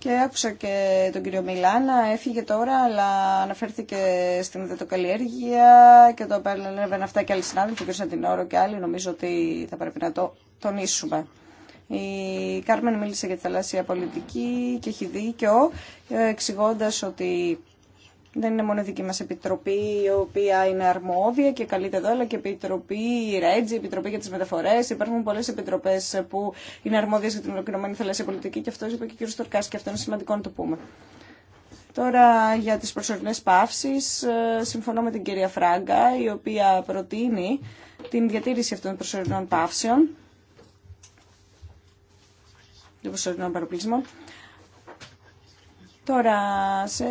Και άκουσα και τον κύριο Μιλάνα, έφυγε τώρα, αλλά αναφέρθηκε στην ιδετοκαλλιέργεια και το επέλεγαν αυτά και άλλοι συνάδελφοι, ο την Αντινόρο και άλλοι. Νομίζω ότι θα πρέπει να το τονίσουμε. Η Κάρμεν μίλησε για τη θαλάσσια πολιτική και έχει δίκιο, εξηγώντα ότι δεν είναι μόνο η δική μας επιτροπή η οποία είναι αρμόδια και καλείται εδώ, αλλά και η επιτροπή η η επιτροπή για τις μεταφορές. Υπάρχουν πολλές επιτροπές που είναι αρμόδιες για την ολοκληρωμένη θαλάσσια πολιτική και αυτό είπε και ο κ. Στορκάς και αυτό είναι σημαντικό να το πούμε. Τώρα για τις προσωρινές παύσεις, ε, συμφωνώ με την κυρία Φράγκα, η οποία προτείνει την διατήρηση αυτών των προσωρινών παύσεων, των προσωρινών παροπλισμών. Τώρα, σε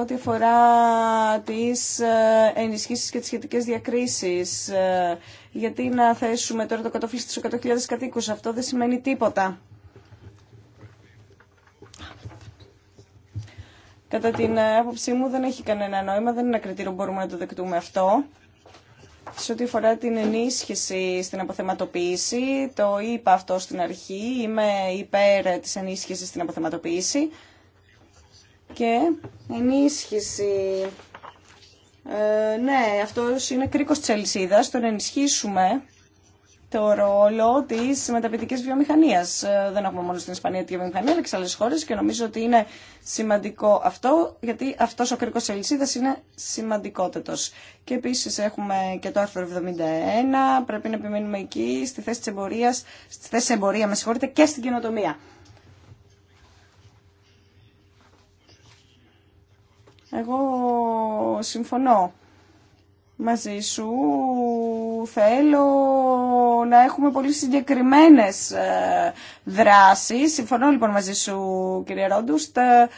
ό,τι αφορά τις ε, ενισχύσεις και τις σχετικές διακρίσεις, ε, γιατί να θέσουμε τώρα το κατόφλι στους 100.000 κατοίκους, αυτό δεν σημαίνει τίποτα. Κατά την ε, άποψή μου δεν έχει κανένα νόημα, δεν είναι ένα κριτήριο που μπορούμε να το δεκτούμε αυτό. Σε ό,τι αφορά την ενίσχυση στην αποθεματοποίηση, το είπα αυτό στην αρχή, είμαι υπέρ της ενίσχυσης στην αποθεματοποίηση και ενίσχυση. Ε, ναι, αυτό είναι κρίκος της αλυσίδας, Τον να ενισχύσουμε το ρόλο τη μεταπητική βιομηχανία. Ε, δεν έχουμε μόνο στην Ισπανία τη βιομηχανία, αλλά και σε άλλε χώρε και νομίζω ότι είναι σημαντικό αυτό, γιατί αυτό ο κρίκο αλυσίδα είναι σημαντικότατο. Και επίση έχουμε και το άρθρο 71, πρέπει να επιμείνουμε εκεί, στη θέση τη εμπορία, στη θέση εμπορία, με συγχωρείτε, και στην καινοτομία. Εγώ συμφωνώ μαζί σου. Θέλω να έχουμε πολύ συγκεκριμένες ε, δράσεις. Συμφωνώ λοιπόν μαζί σου κύριε Ρόντουστ. Ε,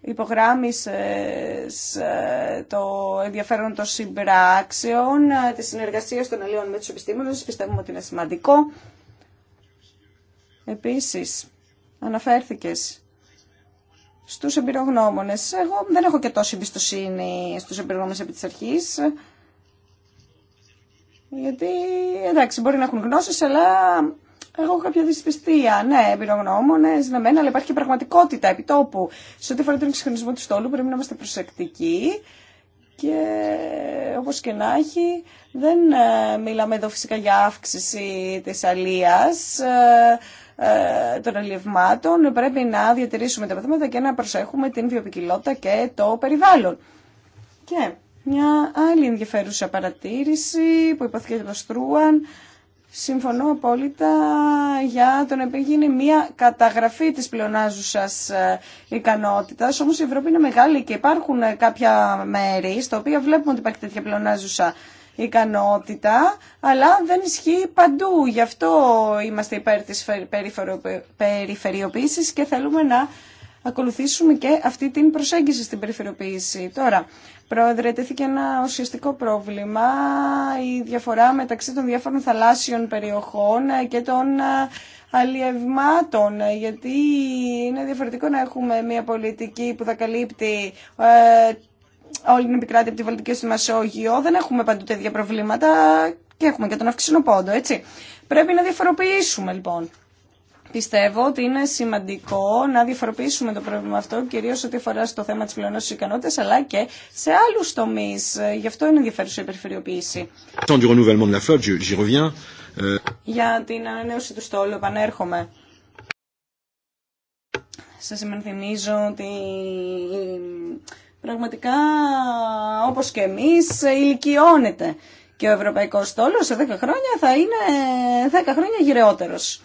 υπογράμμισες ε, το ενδιαφέρον των συμπράξεων, τη συνεργασία των αλλιών με τους επιστήμονες. Πιστεύουμε ότι είναι σημαντικό. Επίσης, αναφέρθηκες στους εμπειρογνώμονες. Εγώ δεν έχω και τόση εμπιστοσύνη στους εμπειρογνώμονες επί της αρχής. Γιατί, εντάξει, μπορεί να έχουν γνώσεις, αλλά εγώ κάποια δυσπιστία. Ναι, εμπειρογνώμονε, ναι, μένα, αλλά υπάρχει και πραγματικότητα επιτόπου. Σε ό,τι αφορά τον εξυγχρονισμό του στόλου, πρέπει να είμαστε προσεκτικοί. Και όπω και να έχει, δεν ε, μιλάμε εδώ φυσικά για αύξηση τη αλεία. Ε, ε, των αλλιευμάτων πρέπει να διατηρήσουμε τα παθήματα και να προσέχουμε την βιοπικιλότητα και το περιβάλλον. Και μια άλλη ενδιαφέρουσα παρατήρηση που υποθήκε από το Στρούαν. Συμφωνώ απόλυτα για τον να μια καταγραφή της πλεονάζουσας ε, ικανότητας. Όμως η Ευρώπη είναι μεγάλη και υπάρχουν ε, κάποια μέρη στα οποία βλέπουμε ότι υπάρχει τέτοια πλεονάζουσα ικανότητα, αλλά δεν ισχύει παντού. Γι' αυτό είμαστε υπέρ της περιφερειοποίησης και θέλουμε να ακολουθήσουμε και αυτή την προσέγγιση στην περιφερειοποίηση. Τώρα, πρόεδρε, τέθηκε ένα ουσιαστικό πρόβλημα, η διαφορά μεταξύ των διάφορων θαλάσσιων περιοχών και των ε, αλλιευμάτων, ε, γιατί είναι διαφορετικό να έχουμε μια πολιτική που θα καλύπτει ε, όλη την επικράτη από τη Βαλτική στη Μεσόγειο, δεν έχουμε παντού τέτοια προβλήματα και έχουμε και τον αυξηνό πόντο, έτσι. Πρέπει να διαφοροποιήσουμε λοιπόν. Πιστεύω ότι είναι σημαντικό να διαφοροποιήσουμε το πρόβλημα αυτό, κυρίω ό,τι αφορά στο θέμα τη πλειονότητα ικανότητα, αλλά και σε άλλου τομεί. Ε, γι' αυτό είναι ενδιαφέρουσα η περιφερειοποίηση. Euh, Για την ανανέωση του στόλου, επανέρχομαι. Σα υπενθυμίζω ότι πραγματικά όπως και εμείς ηλικιώνεται. Και ο ευρωπαϊκός στόλος σε 10 χρόνια θα είναι 10 χρόνια γυρεότερος.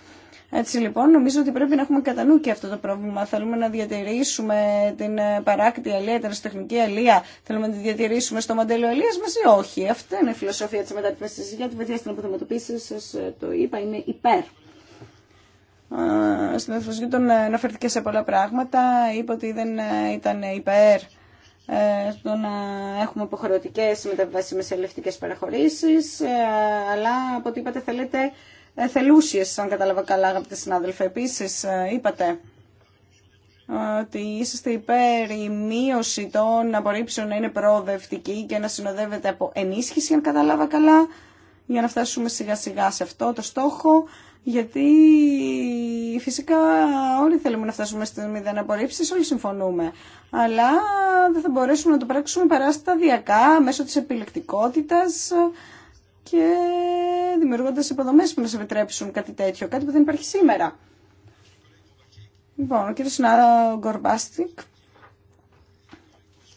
Έτσι λοιπόν νομίζω ότι πρέπει να έχουμε κατά νου και αυτό το πρόβλημα. Θέλουμε να διατηρήσουμε την παράκτη αλία, την αστεχνική αλία. Θέλουμε να τη διατηρήσουμε στο μοντέλο αλίας μας ή όχι. Αυτή είναι η φιλοσοφία της μεταρρύθμισης για τη βοήθεια στην αποδοματοποίηση Σας ε, το είπα, είναι υπέρ. Στην Εθνική τον αναφέρθηκε σε πολλά πράγματα. Είπε ότι δεν ε, ήταν υπέρ ε, στο να έχουμε υποχρεωτικέ μεταβιβάσει με ελευτικές παραχωρήσεις, ε, αλλά από ό,τι είπατε θέλετε ε, θελούσιες, αν κατάλαβα καλά αγαπητέ συνάδελφοι. Επίση, είπατε ότι είσαστε υπέρ η μείωση των απορρίψεων να είναι προοδευτική και να συνοδεύεται από ενίσχυση, αν κατάλαβα καλά, για να φτάσουμε σιγά σιγά σε αυτό το στόχο γιατί φυσικά όλοι θέλουμε να φτάσουμε στην μηδέν απορρίψεις, όλοι συμφωνούμε. Αλλά δεν θα μπορέσουμε να το πράξουμε παρά σταδιακά, μέσω της επιλεκτικότητας και δημιουργώντας υποδομές που σε επιτρέψουν κάτι τέτοιο, κάτι που δεν υπάρχει σήμερα. Λοιπόν, ο κύριος Νάρα Γκορμπάστικ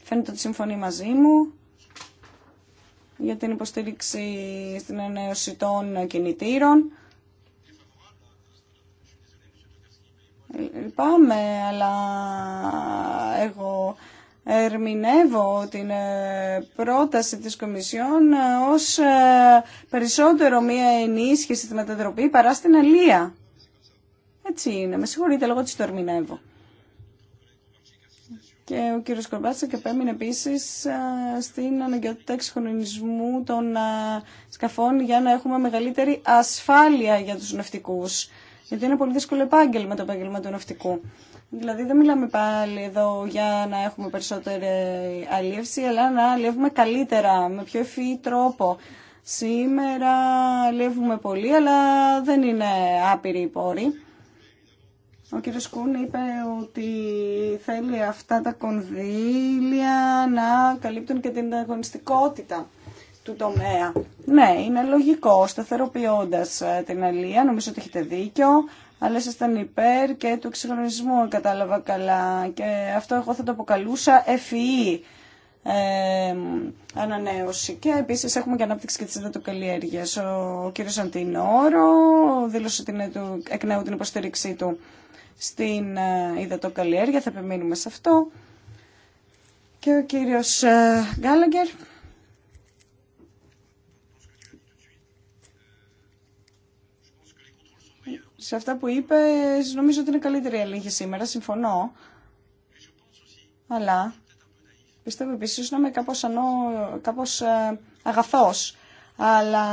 φαίνεται ότι συμφωνεί μαζί μου για την υποστήριξη στην ανανέωση των κινητήρων. Λυπάμαι, αλλά εγώ ερμηνεύω την ε, πρόταση της Κομισιόν ε, ως ε, περισσότερο μία ενίσχυση στη μετατροπή παρά στην αλία. Έτσι είναι, με συγχωρείτε, λόγω της το ερμηνεύω. Και ο κύριος και επέμεινε επίση στην αναγκαιότητα εξυγχρονισμού των σκαφών για να έχουμε μεγαλύτερη ασφάλεια για τους ναυτικού. Γιατί είναι πολύ δύσκολο επάγγελμα το επάγγελμα του ναυτικού. Δηλαδή δεν μιλάμε πάλι εδώ για να έχουμε περισσότερη αλίευση, αλλά να αλίευουμε καλύτερα, με πιο ευφυή τρόπο. Σήμερα αλίευουμε πολύ, αλλά δεν είναι άπειροι οι πόροι. Ο κ. Κούν είπε ότι θέλει αυτά τα κονδύλια να καλύπτουν και την ανταγωνιστικότητα του τομέα. Ναι, είναι λογικό, σταθεροποιώντα ε, την αλία, νομίζω ότι έχετε δίκιο, αλλά ήσασταν υπέρ και του εξυγχρονισμού, κατάλαβα καλά. Και αυτό εγώ θα το αποκαλούσα F.E. E, ανανέωση. Και επίσης έχουμε και ανάπτυξη και της καλλιέργειας. Ο κύριος Αντινόρο δήλωσε την, εκ νέου την υποστήριξή του στην υδατοκαλλιέργεια, ε, θα επιμείνουμε σε αυτό. Και ο κύριος ε, Γκάλαγκερ. Σε αυτά που είπε, νομίζω ότι είναι καλύτερη η αλήθεια σήμερα, συμφωνώ. Αλλά πιστεύω επίση να είμαι κάπως, ανώ, κάπως ε, αγαθός αλλά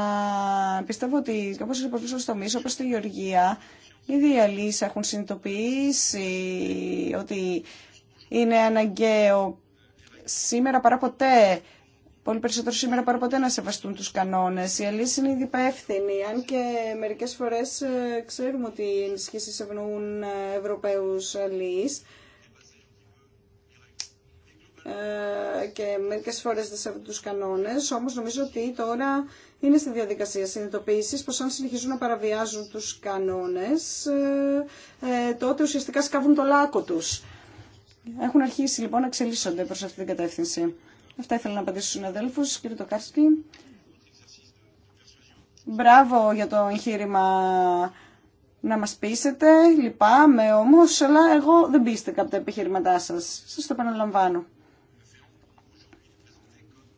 πιστεύω ότι κάπως σε στο μίσο, όπως στη Γεωργία Ήδη Οι διαλύσεις έχουν συνειδητοποιήσει ότι είναι αναγκαίο σήμερα παρά ποτέ πολύ περισσότερο σήμερα παρά ποτέ να σεβαστούν τους κανόνες. Οι αλήθεια είναι ήδη υπεύθυνοι, αν και μερικές φορές ε, ξέρουμε ότι οι ενισχύσεις ευνοούν ε, Ευρωπαίους αλείς, ε, και μερικές φορές δεν σέβονται τους κανόνες, όμως νομίζω ότι τώρα είναι στη διαδικασία συνειδητοποίηση πως αν συνεχίζουν να παραβιάζουν τους κανόνες, ε, ε, τότε ουσιαστικά σκάβουν το λάκκο τους. Έχουν αρχίσει λοιπόν να εξελίσσονται προς αυτή την κατεύθυνση. Αυτά ήθελα να απαντήσω στους αδέλφους Κύριε Τοκάρσκι, μπράβο για το εγχείρημα να μας πείσετε, λυπάμαι όμως, αλλά εγώ δεν πείστε από επιχειρηματά σας. Σας το επαναλαμβάνω.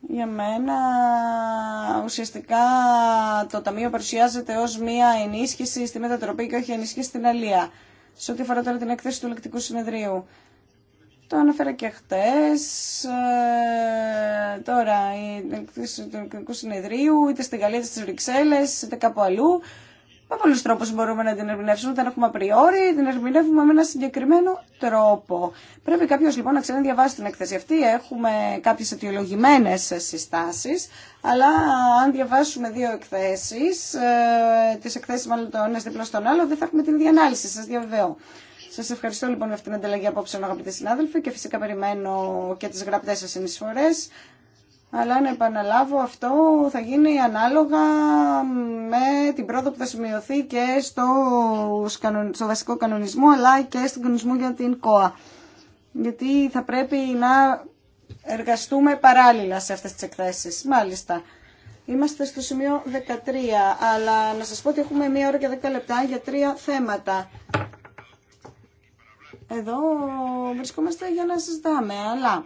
Για μένα ουσιαστικά το Ταμείο παρουσιάζεται ως μία ενίσχυση στη μετατροπή και όχι ενίσχυση στην αλία. Σε ό,τι αφορά τώρα την έκθεση του λεκτικού συνεδρίου. Το αναφέρα και χτες, ε, τώρα η έκθεση του λεκτικού συνεδρίου, είτε στην Γαλλία είτε στις Βρυξέλλες, είτε κάπου αλλού. Με πολλού τρόπου μπορούμε να την ερμηνεύσουμε. Δεν έχουμε απριόρι, την ερμηνεύουμε με ένα συγκεκριμένο τρόπο. Πρέπει κάποιο λοιπόν να ξέρει να διαβάσει την έκθεση αυτή. Έχουμε κάποιε αιτιολογημένε συστάσει, αλλά αν διαβάσουμε δύο εκθέσει, ε, τι εκθέσει μάλλον το ένα δίπλα στον άλλο, δεν θα έχουμε την ίδια ανάλυση, σα διαβεβαιώ. Σα ευχαριστώ λοιπόν για αυτήν την ανταλλαγή απόψεων, αγαπητοί συνάδελφοι, και φυσικά περιμένω και τι γραπτέ σα συνεισφορέ αλλά να επαναλάβω αυτό θα γίνει ανάλογα με την πρόοδο που θα σημειωθεί και στο, στο βασικό κανονισμό αλλά και στον κανονισμό για την ΚΟΑ. Γιατί θα πρέπει να εργαστούμε παράλληλα σε αυτές τις εκθέσεις. Μάλιστα. Είμαστε στο σημείο 13, αλλά να σας πω ότι έχουμε μία ώρα και δέκα λεπτά για τρία θέματα. Εδώ βρισκόμαστε για να συζητάμε, αλλά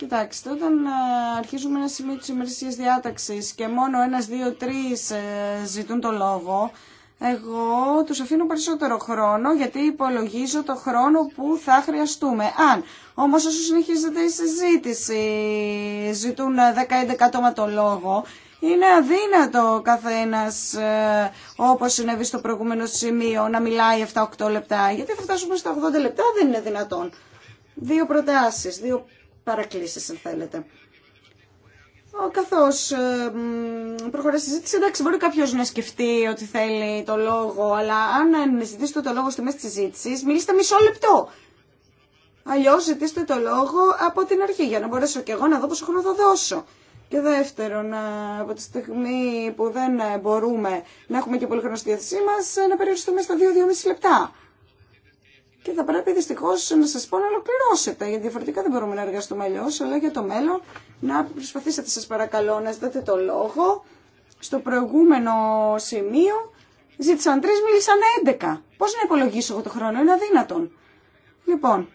Κοιτάξτε, όταν ε, αρχίζουμε ένα σημείο της ημερησίας διάταξης και μόνο ένας, δύο, τρεις ε, ζητούν το λόγο, εγώ του αφήνω περισσότερο χρόνο γιατί υπολογίζω το χρόνο που θα χρειαστούμε. Αν Όμω όσο συνεχίζεται η συζήτηση ζητούν 10-11 άτομα το λόγο, είναι αδύνατο ο καθένα, ε, όπω συνέβη στο προηγούμενο σημείο να μιλάει 7-8 λεπτά γιατί θα φτάσουμε στα 80 λεπτά δεν είναι δυνατόν. Δύο προτάσει. δύο παρακλήσεις αν θέλετε. Ο καθώς ε, προχωράς τη συζήτηση, εντάξει μπορεί κάποιο να σκεφτεί ότι θέλει το λόγο, αλλά αν ζητήσετε το λόγο στη μέση της συζήτηση, μιλήστε μισό λεπτό. Αλλιώ ζητήστε το λόγο από την αρχή για να μπορέσω και εγώ να δω πόσο χρόνο θα δώσω. Και δεύτερον, ε, από τη στιγμή που δεν μπορούμε να έχουμε και πολύ χρόνο στη διάθεσή μα, ε, να περιοριστούμε στα 2-2,5 λεπτά και θα πρέπει δυστυχώ να σα πω να ολοκληρώσετε, γιατί διαφορετικά δεν μπορούμε να εργαστούμε αλλιώ, αλλά για το μέλλον να προσπαθήσετε σας παρακαλώ να ζητάτε το λόγο. Στο προηγούμενο σημείο ζήτησαν τρει, μίλησαν έντεκα. Πώ να υπολογίσω εγώ το χρόνο, είναι αδύνατον. Λοιπόν,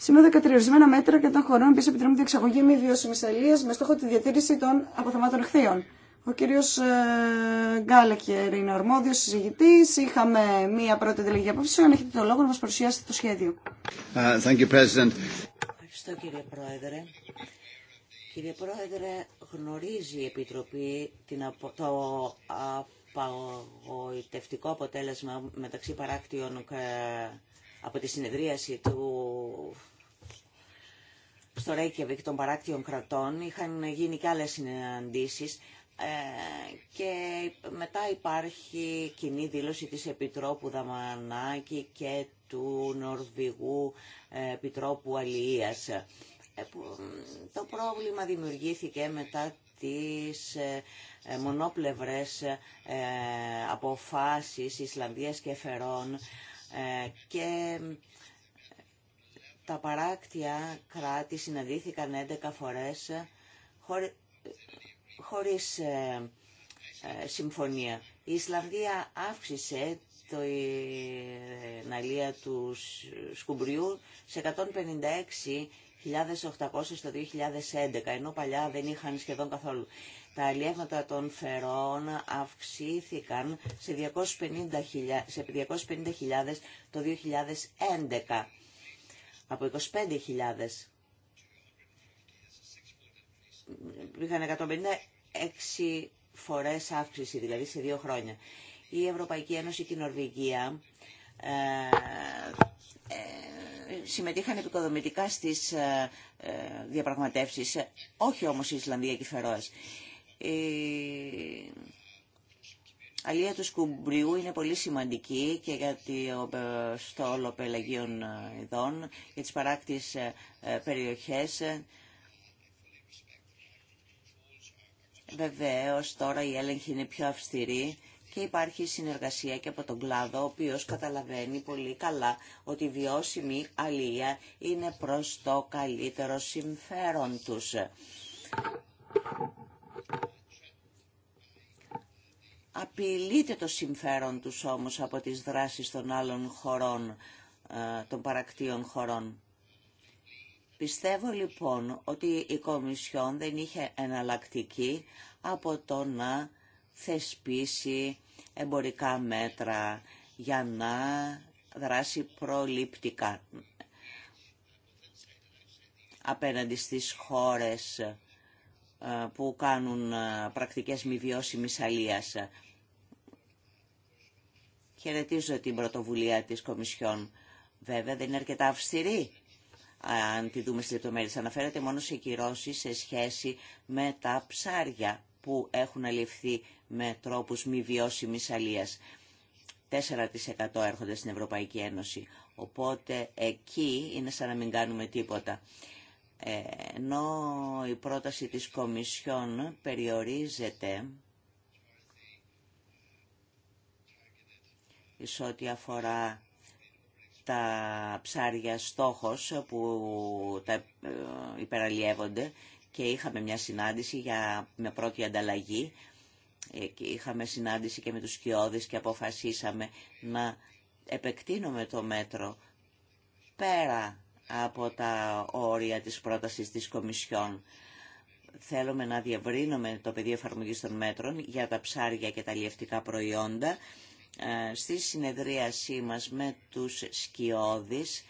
Σήμερα 13 ορισμένα μέτρα και των χωρών πίσω επιτρέπουν τη εξαγωγή μη βιώσιμη αλληλεία με στόχο τη διατήρηση των αποθεμάτων χθείων. Ο κύριος ε, Γκάλεκερ είναι ορμόδιο συζητητής. Είχαμε μία πρώτη τελεγή απόψη. Αν έχετε το λόγο να μας παρουσιάσετε το σχέδιο. Ε, thank you, President. Ευχαριστώ κύριε Πρόεδρε. Κύριε Πρόεδρε, γνωρίζει η Επιτροπή την το απαγοητευτικό αποτέλεσμα μεταξύ παράκτιων ε, από τη συνεδρίαση του στο Ρέικεβικ των παράκτιων κρατών. Είχαν γίνει και άλλες συναντήσεις ε, και μετά υπάρχει κοινή δήλωση της Επιτρόπου Δαμανάκη και του Νορβηγού ε, Επιτρόπου Αλίας. Ε, το πρόβλημα δημιουργήθηκε μετά τις μονοπλευρές αποφάσεις Ισλανδίας και Φερών και τα παράκτια κράτη συναντήθηκαν 11 φορές χωρίς ε, ε, συμφωνία. Η Ισλανδία αύξησε το, ε, την αλία του σκουμπριού σε 156.800 το 2011, ενώ παλιά δεν είχαν σχεδόν καθόλου. Τα αλλιεύματα των φερών αυξήθηκαν σε 250.000 σε το 2011, από 25.000 είχαν 156 φορές αύξηση, δηλαδή σε δύο χρόνια. Η Ευρωπαϊκή Ένωση και η Νορβηγία ε, ε συμμετείχαν επικοδομητικά στις ε, ε, διαπραγματεύσεις, όχι όμως η Ισλανδία και η Φερόες. Η αλία του σκουμπριού είναι πολύ σημαντική και για στο όλο πελαγίων ειδών, για τις παράκτης περιοχές, Βεβαίως τώρα η έλεγχη είναι πιο αυστηρή και υπάρχει συνεργασία και από τον κλάδο, ο οποίος καταλαβαίνει πολύ καλά ότι η βιώσιμη αλία είναι προς το καλύτερο συμφέρον τους. Απειλείται το συμφέρον τους όμως από τις δράσεις των άλλων χωρών, ε, των παρακτήων χωρών. Πιστεύω λοιπόν ότι η Κομισιόν δεν είχε εναλλακτική από το να θεσπίσει εμπορικά μέτρα για να δράσει προληπτικά απέναντι στις χώρες ε, που κάνουν ε, πρακτικές μη βιώσιμης αλίας. Χαιρετίζω την πρωτοβουλία της Κομισιόν. Βέβαια δεν είναι αρκετά αυστηρή αν τη δούμε στις λεπτομέρειες. Αναφέρεται μόνο σε κυρώσεις σε σχέση με τα ψάρια που έχουν αληφθεί με τρόπους μη βιώσιμης αλίας. 4% έρχονται στην Ευρωπαϊκή Ένωση. Οπότε εκεί είναι σαν να μην κάνουμε τίποτα. Ε, ενώ η πρόταση της Κομισιόν περιορίζεται σε ό,τι αφορά τα ψάρια στόχος που τα ε, υπεραλλιεύονται και είχαμε μια συνάντηση για, με πρώτη ανταλλαγή ε, και είχαμε συνάντηση και με τους σκιώδεις και αποφασίσαμε να επεκτείνουμε το μέτρο πέρα από τα όρια της πρότασης της Κομισιόν. Θέλουμε να διευρύνουμε το πεδίο εφαρμογής των μέτρων για τα ψάρια και τα λιευτικά προϊόντα ε, στη συνεδρίασή μας με τους Σκιώδης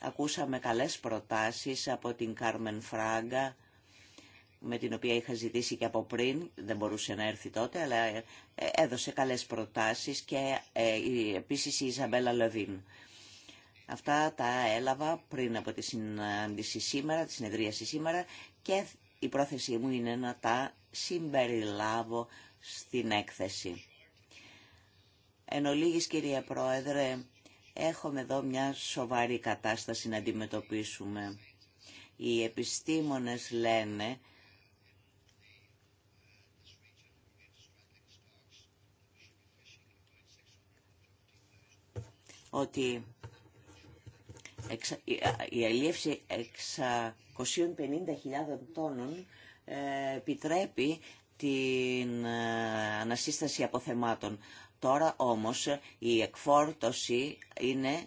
ακούσαμε καλές προτάσεις από την Κάρμεν Φράγκα, με την οποία είχα ζητήσει και από πριν, δεν μπορούσε να έρθει τότε, αλλά ε, έδωσε καλές προτάσεις και ε, επίσης η Ιζαμπέλα Λεβίν. Αυτά τα έλαβα πριν από τη συνάντηση σήμερα, τη συνεδρίαση σήμερα και η πρόθεσή μου είναι να τα συμπεριλάβω στην έκθεση. Εν ολίγης, κυρία Πρόεδρε, έχουμε εδώ μια σοβαρή κατάσταση να αντιμετωπίσουμε. Οι επιστήμονες λένε ότι η αλλιεύση 650.000 τόνων ε, επιτρέπει την ε, ανασύσταση αποθεμάτων. Τώρα όμως ε, η εκφόρτωση είναι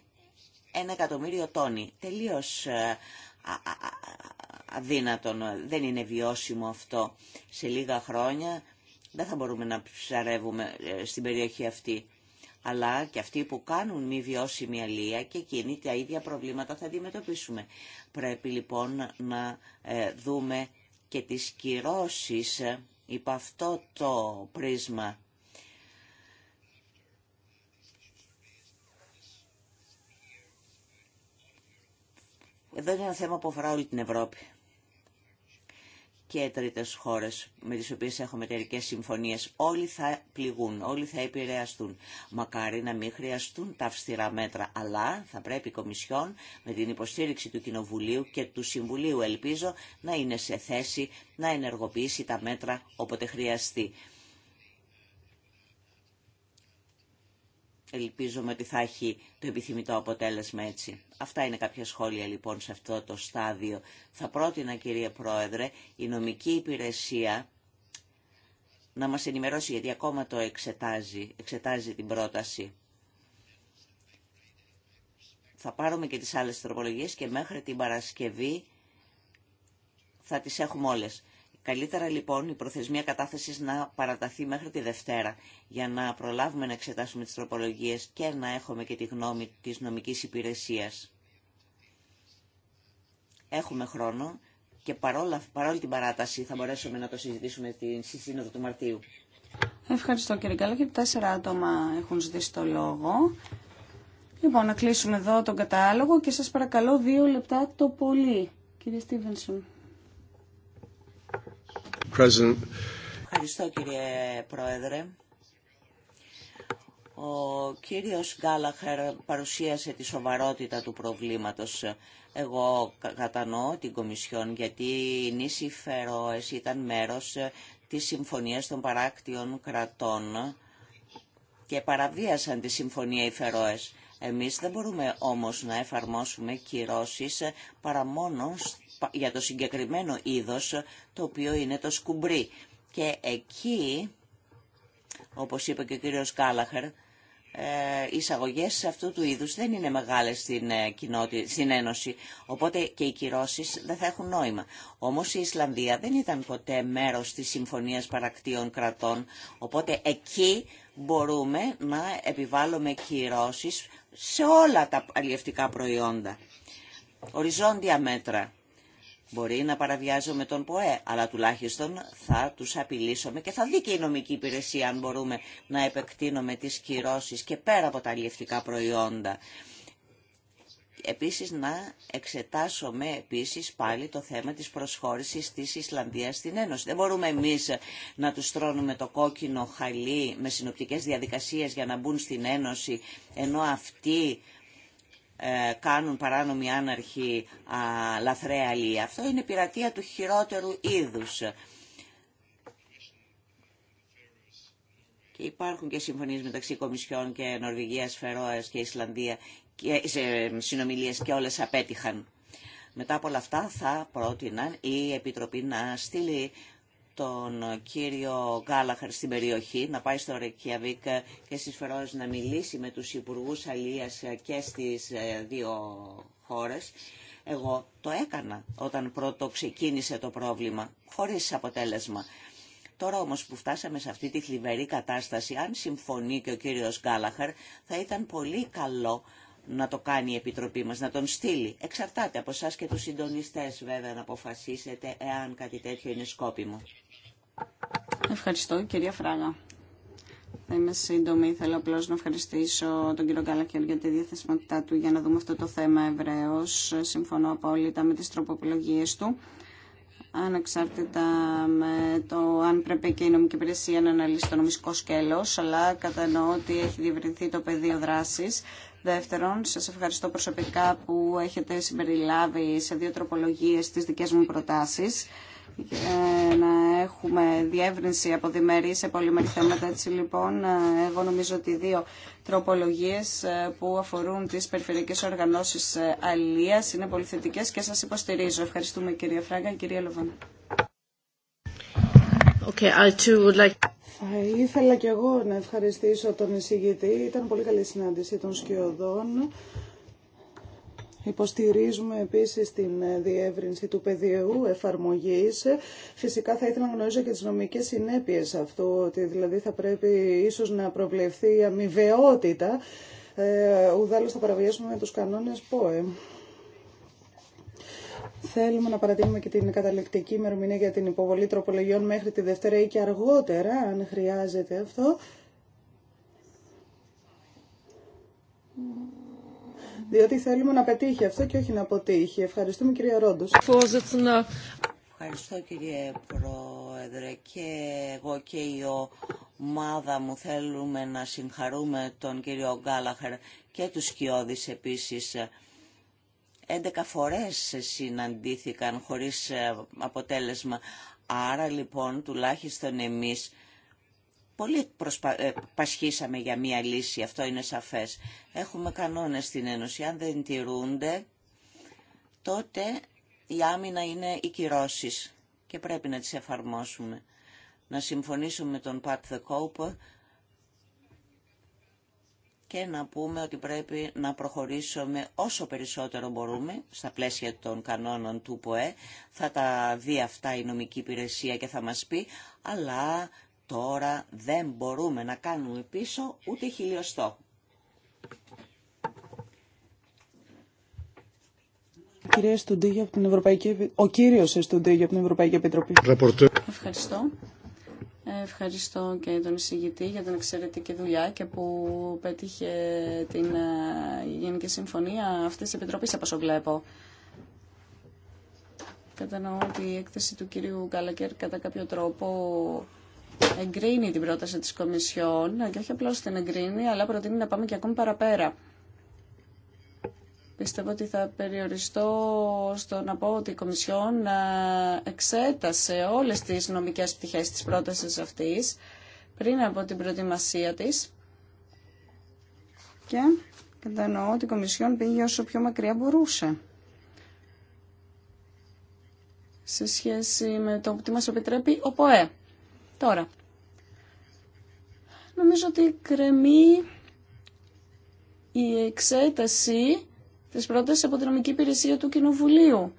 ένα εκατομμύριο τόνοι. Τελείως ε, αδύνατον, δεν είναι βιώσιμο αυτό. Σε λίγα χρόνια δεν θα μπορούμε να ψαρεύουμε ε, στην περιοχή αυτή. Αλλά και αυτοί που κάνουν μη βιώσιμη αλεία και εκείνοι τα ίδια προβλήματα θα αντιμετωπίσουμε. Πρέπει λοιπόν να δούμε και τις κυρώσεις υπό αυτό το πρίσμα Εδώ είναι ένα θέμα που αφορά όλη την Ευρώπη και τρίτε χώρες με τις οποίες έχουμε εταιρικέ συμφωνίες. Όλοι θα πληγούν, όλοι θα επηρεαστούν. Μακάρι να μην χρειαστούν τα αυστηρά μέτρα, αλλά θα πρέπει η Κομισιόν με την υποστήριξη του Κοινοβουλίου και του Συμβουλίου, ελπίζω, να είναι σε θέση να ενεργοποιήσει τα μέτρα όποτε χρειαστεί. Ελπίζουμε ότι θα έχει το επιθυμητό αποτέλεσμα έτσι. Αυτά είναι κάποια σχόλια λοιπόν σε αυτό το στάδιο. Θα πρότεινα κύριε Πρόεδρε η νομική υπηρεσία να μας ενημερώσει γιατί ακόμα το εξετάζει, εξετάζει την πρόταση. Θα πάρουμε και τις άλλες τροπολογίες και μέχρι την Παρασκευή θα τις έχουμε όλες. Καλύτερα λοιπόν η προθεσμία κατάθεσης να παραταθεί μέχρι τη Δευτέρα για να προλάβουμε να εξετάσουμε τις τροπολογίες και να έχουμε και τη γνώμη της νομικής υπηρεσίας. Έχουμε χρόνο και παρόλα, παρόλη την παράταση θα μπορέσουμε να το συζητήσουμε στη Σύνοδο του Μαρτίου. Ευχαριστώ κύριε Καλό και τέσσερα άτομα έχουν ζητήσει το λόγο. Λοιπόν, να κλείσουμε εδώ τον κατάλογο και σας παρακαλώ δύο λεπτά το πολύ. Κύριε Στίβενσον. Ευχαριστώ κύριε Πρόεδρε. Ο κύριος Γκάλαχερ παρουσίασε τη σοβαρότητα του προβλήματος. Εγώ κατανοώ την Κομισιόν γιατί οι νήσι Φερόες ήταν μέρος της Συμφωνίας των Παράκτιων Κρατών και παραβίασαν τη Συμφωνία οι Φερόες. Εμείς δεν μπορούμε όμως να εφαρμόσουμε κυρώσεις παρά μόνο για το συγκεκριμένο είδος, το οποίο είναι το σκουμπρί. Και εκεί, όπως είπε και ο κύριος Κάλαχερ, οι ε, εισαγωγές αυτού του είδους δεν είναι μεγάλες στην, ε, στην Ένωση, οπότε και οι κυρώσεις δεν θα έχουν νόημα. Όμως η Ισλανδία δεν ήταν ποτέ μέρος της Συμφωνίας Παρακτήων Κρατών, οπότε εκεί μπορούμε να επιβάλλουμε κυρώσεις σε όλα τα αλλιευτικά προϊόντα. Οριζόντια μέτρα Μπορεί να παραβιάζουμε τον ΠΟΕ, αλλά τουλάχιστον θα τους απειλήσουμε και θα δει και η νομική υπηρεσία αν μπορούμε να επεκτείνουμε τις κυρώσεις και πέρα από τα αλληλευτικά προϊόντα. Επίσης να εξετάσουμε επίσης πάλι το θέμα της προσχώρησης της Ισλανδίας στην Ένωση. Δεν μπορούμε εμείς να τους τρώνουμε το κόκκινο χαλί με συνοπτικές διαδικασίες για να μπουν στην Ένωση, ενώ αυτοί ε, κάνουν παράνομη άναρχη α, λαθρέα αλία. Αυτό είναι πειρατεία του χειρότερου είδους. Και υπάρχουν και συμφωνίες μεταξύ Κομισιών και Νορβηγίας, Φερόες και Ισλανδία και σε συνομιλίες και όλες απέτυχαν. Μετά από όλα αυτά θα πρότειναν η Επιτροπή να στείλει τον κύριο Γκάλαχαρ στην περιοχή, να πάει στο Ρεκιαβίκ και στις Φερόες να μιλήσει με τους Υπουργούς Αλίας και στις ε, δύο χώρες. Εγώ το έκανα όταν πρώτο ξεκίνησε το πρόβλημα, χωρίς αποτέλεσμα. Τώρα όμως που φτάσαμε σε αυτή τη θλιβερή κατάσταση, αν συμφωνεί και ο κύριος Γκάλαχαρ, θα ήταν πολύ καλό να το κάνει η Επιτροπή μας, να τον στείλει. Εξαρτάται από εσά και τους συντονιστές βέβαια να αποφασίσετε εάν κάτι τέτοιο είναι σκόπιμο. Ευχαριστώ, κυρία Φράγα. Θα είμαι σύντομη. Θέλω απλώ να ευχαριστήσω τον κύριο Γκάλακερ για τη διαθεσιμότητά του για να δούμε αυτό το θέμα ευρέω. Συμφωνώ απόλυτα με τι τροποπολογίε του. Ανεξάρτητα με το αν πρέπει και η νομική υπηρεσία να αναλύσει το νομικό σκέλο, αλλά κατανοώ ότι έχει διευρυνθεί το πεδίο δράση. Δεύτερον, σα ευχαριστώ προσωπικά που έχετε συμπεριλάβει σε δύο τροπολογίε τι δικέ μου προτάσει ε, να έχουμε διεύρυνση από διμερεί σε πολυμερή θέματα. Έτσι λοιπόν, ε, εγώ νομίζω ότι δύο τροπολογίες ε, που αφορούν τις περιφερειακές οργανώσεις αλίας είναι πολύ θετικέ και σας υποστηρίζω. Ευχαριστούμε κυρία Φράγκα και κυρία Λοβάν. Okay, I too would like... Θα ήθελα και εγώ να ευχαριστήσω τον εισηγητή. Ήταν πολύ καλή συνάντηση των σκιωδών. Υποστηρίζουμε επίσης την διεύρυνση του πεδίου εφαρμογής. Φυσικά θα ήθελα να γνωρίζω και τις νομικές συνέπειες αυτού, ότι δηλαδή θα πρέπει ίσως να προβλεφθεί η αμοιβαιότητα. Ε, ουδάλλως θα παραβιάσουμε τους κανόνες ΠΟΕ. Θέλουμε να παρατείνουμε και την καταληκτική ημερομηνία για την υποβολή τροπολογιών μέχρι τη Δευτέρα ή και αργότερα, αν χρειάζεται αυτό διότι θέλουμε να πετύχει αυτό και όχι να αποτύχει. Ευχαριστούμε κυρία Ρόντος. Ευχαριστώ κύριε Πρόεδρε και εγώ και η ομάδα μου θέλουμε να συγχαρούμε τον κύριο Γκάλαχερ και τους Σκιώδης επίσης. 11 φορές συναντήθηκαν χωρίς αποτέλεσμα. Άρα λοιπόν τουλάχιστον εμείς Πολύ ε, πασχίσαμε για μία λύση, αυτό είναι σαφές. Έχουμε κανόνες στην Ένωση, αν δεν τηρούνται, τότε η άμυνα είναι οι κυρώσει και πρέπει να τις εφαρμόσουμε. Να συμφωνήσουμε με τον Πατ και να πούμε ότι πρέπει να προχωρήσουμε όσο περισσότερο μπορούμε στα πλαίσια των κανόνων του ΠΟΕ. Θα τα δει αυτά η νομική υπηρεσία και θα μας πει, αλλά Τώρα δεν μπορούμε να κάνουμε πίσω ούτε χιλιοστό. από την Ευρωπαϊκή Ο κύριος Στουντίγιο από την Ευρωπαϊκή Επιτροπή. Ευχαριστώ. Ευχαριστώ και τον εισηγητή για την εξαιρετική δουλειά και που πέτυχε την ε, Γενική Συμφωνία αυτής της Επιτροπής, από όσο βλέπω. Κατανοώ ότι η έκθεση του κυρίου Γκάλακερ κατά κάποιο τρόπο εγκρίνει την πρόταση της Κομισιόν και όχι απλώς την εγκρίνει, αλλά προτείνει να πάμε και ακόμη παραπέρα. Πιστεύω ότι θα περιοριστώ στο να πω ότι η Κομισιόν ε, εξέτασε όλες τις νομικές πτυχές της πρότασης αυτής πριν από την προετοιμασία της και κατανοώ ότι η Κομισιόν πήγε όσο πιο μακριά μπορούσε σε σχέση με το τι μας επιτρέπει ο ΠΟΕ. Τώρα, νομίζω ότι κρεμεί η εξέταση της πρότασης από την νομική υπηρεσία του Κοινοβουλίου.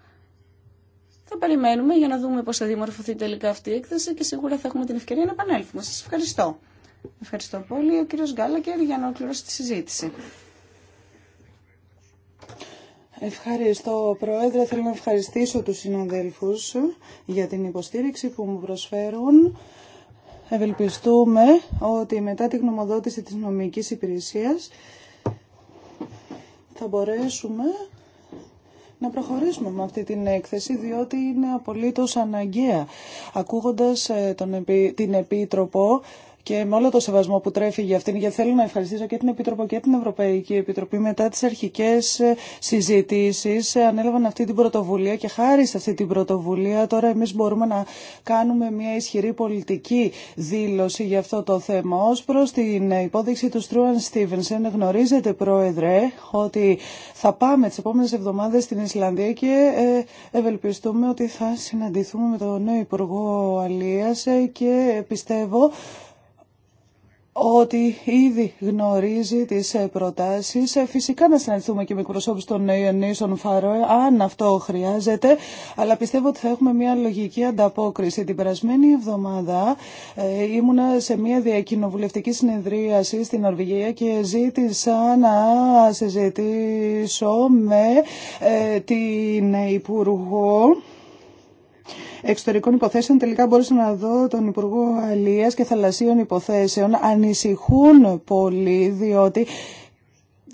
Θα περιμένουμε για να δούμε πώς θα δημορφωθεί τελικά αυτή η έκθεση και σίγουρα θα έχουμε την ευκαιρία να επανέλθουμε. Σας ευχαριστώ. Ευχαριστώ πολύ ο κύριος Γκάλακερ για να ολοκληρώσει τη συζήτηση. Ευχαριστώ Πρόεδρε. Θέλω να ευχαριστήσω τους συναδέλφους για την υποστήριξη που μου προσφέρουν. Ευελπιστούμε ότι μετά τη γνωμοδότηση της νομικής υπηρεσίας θα μπορέσουμε να προχωρήσουμε με αυτή την έκθεση, διότι είναι απολύτως αναγκαία. Ακούγοντας ε, τον, την Επίτροπο, και με όλο το σεβασμό που τρέφει για αυτήν, γιατί θέλω να ευχαριστήσω και την Επίτροπο και την Ευρωπαϊκή Επιτροπή μετά τις αρχικές ε, συζητήσεις ε, ανέλαβαν αυτή την πρωτοβουλία και χάρη σε αυτή την πρωτοβουλία τώρα εμείς μπορούμε να κάνουμε μια ισχυρή πολιτική δήλωση για αυτό το θέμα. Ως προς την υπόδειξη του Στρούαν Στίβενσεν γνωρίζετε Πρόεδρε ότι θα πάμε τις επόμενες εβδομάδες στην Ισλανδία και ε, ευελπιστούμε ότι θα συναντηθούμε με τον νέο Υπουργό Αλίας και πιστεύω ότι ήδη γνωρίζει τις ε, προτάσεις. Ε, φυσικά να συναντηθούμε και με εκπροσώπους των νήσων Φαρόε, αν αυτό χρειάζεται, αλλά πιστεύω ότι θα έχουμε μια λογική ανταπόκριση. Την περασμένη εβδομάδα ε, ήμουνα σε μια διακοινοβουλευτική συνεδρίαση στην Νορβηγία και ζήτησα να συζητήσω με την Υπουργό Εξωτερικών Υποθέσεων τελικά μπορούσα να δω τον Υπουργό Αλίας και Θαλασσίων Υποθέσεων. Ανησυχούν πολύ διότι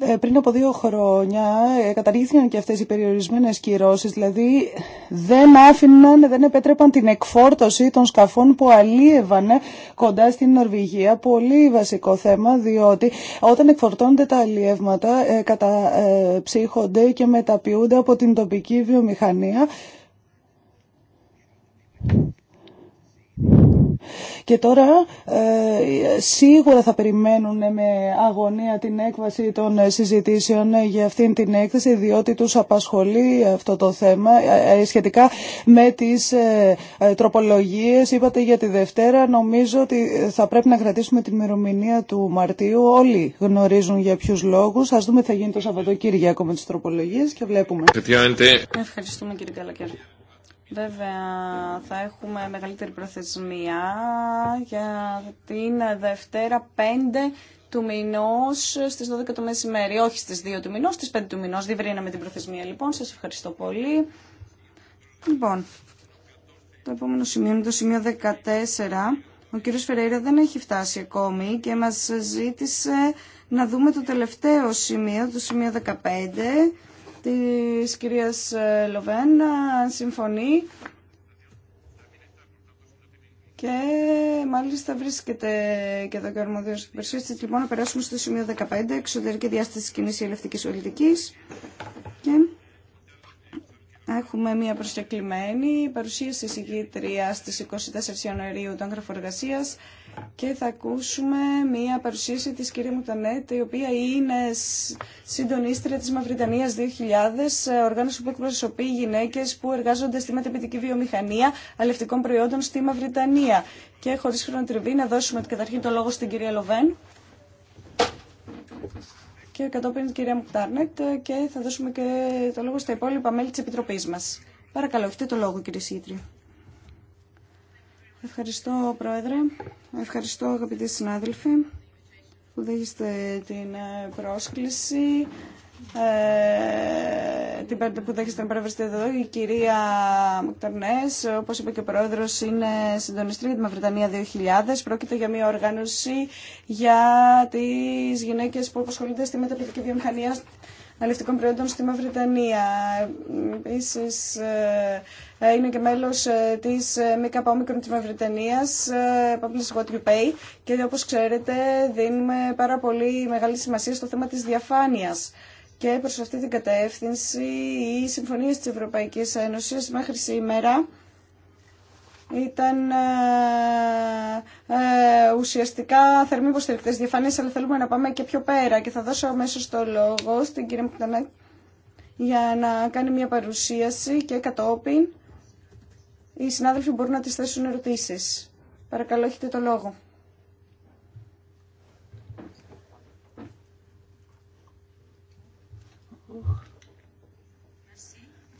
ε, πριν από δύο χρόνια ε, καταργήθηκαν και αυτές οι περιορισμένες κυρώσεις, δηλαδή δεν άφηναν, δεν επέτρεπαν την εκφόρτωση των σκαφών που αλίευαν κοντά στην Νορβηγία. Πολύ βασικό θέμα, διότι όταν εκφορτώνται τα αλίευματα, ε, καταψύχονται και μεταποιούνται από την τοπική βιομηχανία Και τώρα ε, σίγουρα θα περιμένουν με αγωνία την έκβαση των συζητήσεων για αυτήν την έκθεση, διότι τους απασχολεί αυτό το θέμα. Ε, ε, σχετικά με τις τροπολογίες, είπατε για τη Δευτέρα, νομίζω ότι θα πρέπει να κρατήσουμε την ημερομηνία του Μαρτίου. Όλοι γνωρίζουν για ποιου λόγους. Ας δούμε τι θα γίνει το Σαββατοκύριακο με τις τροπολογίες και βλέπουμε. Ευχαριστούμε κύριε Καλακέρα. Βέβαια, θα έχουμε μεγαλύτερη προθεσμία για την Δευτέρα 5 του μηνό στις 12 το μεσημέρι. Όχι στις 2 του μηνό, στις 5 του μηνό. Διευρύναμε την προθεσμία λοιπόν. Σας ευχαριστώ πολύ. Λοιπόν, το επόμενο σημείο είναι το σημείο 14. Ο κύριο Φεραίρα δεν έχει φτάσει ακόμη και μας ζήτησε να δούμε το τελευταίο σημείο, το σημείο 15 της κυρίας ε, Λοβέν ε, συμφωνεί και μάλιστα βρίσκεται και εδώ και ο αρμοδίο του Περσίστη. Λοιπόν, να περάσουμε στο σημείο 15, εξωτερική διάσταση τη κοινή ελευτική Και Έχουμε μια προσκεκλημένη παρουσίαση συγκήτρια στις 24 Ιανουαρίου των Γραφοργασίας και θα ακούσουμε μια παρουσίαση της κυρία Μουτανέτ, η οποία είναι συντονίστρια της Μαυριτανίας 2000, ε, οργάνωση που εκπροσωπεί γυναίκες που εργάζονται στη μεταπιτική βιομηχανία αλευτικών προϊόντων στη Μαυριτανία. Και χωρίς χρονοτριβή να δώσουμε καταρχήν το λόγο στην κυρία Λοβέν και κατόπιν την κυρία Μουκτάρνετ και θα δώσουμε και το λόγο στα υπόλοιπα μέλη της Επιτροπής μας. Παρακαλώ, έχετε το λόγο κύριε Σίτρια. Ευχαριστώ Πρόεδρε, ευχαριστώ αγαπητοί συνάδελφοι που δέχεστε την ε, πρόσκληση ε, την, που δέχεστε να παρέμβαση εδώ, η κυρία Μακταρνές, όπως είπε και ο Πρόεδρος, είναι συντονιστή για τη Μαυριτανία 2000. Πρόκειται για μια οργάνωση για τις γυναίκες που απασχολούνται στη μεταπληκτική βιομηχανία αλευτικών προϊόντων στη Μαυριτανία. Επίση, ε, είναι και μέλο ε, τη ΜΚΟ τη Μαυριτανία, Public What You Pay, και όπω ξέρετε, δίνουμε πάρα πολύ μεγάλη σημασία στο θέμα τη διαφάνεια και προς αυτή την κατεύθυνση οι συμφωνίες της Ευρωπαϊκής Ένωσης μέχρι σήμερα ήταν ε, ε ουσιαστικά θερμοί υποστηρικτές διαφανείς, αλλά θέλουμε να πάμε και πιο πέρα και θα δώσω αμέσω το λόγο στην κυρία Μκτανάκη για να κάνει μια παρουσίαση και κατόπιν οι συνάδελφοι μπορούν να τις θέσουν ερωτήσεις. Παρακαλώ, έχετε το λόγο.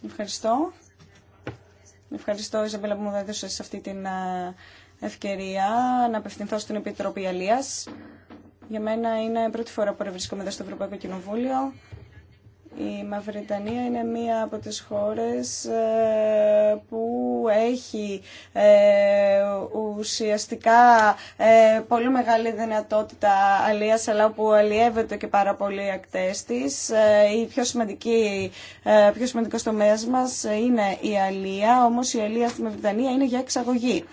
Ευχαριστώ. Ευχαριστώ, Ιζαμπέλα, που μου έδωσε σε αυτή την ε, ευκαιρία να απευθυνθώ στην Επιτροπή Αλίας. Για μένα είναι πρώτη φορά που βρισκόμαι εδώ στο Ευρωπαϊκό Κοινοβούλιο η Μαυριτανία είναι μία από τις χώρες ε, που έχει ε, ουσιαστικά ε, πολύ μεγάλη δυνατότητα αλίας, αλλά όπου αλλιεύεται και πάρα πολύ ακτές της. Η πιο σημαντική, πιο σημαντικός τομέας μας είναι η αλία, όμως η αλία στη Μαυριτανία είναι για εξαγωγή.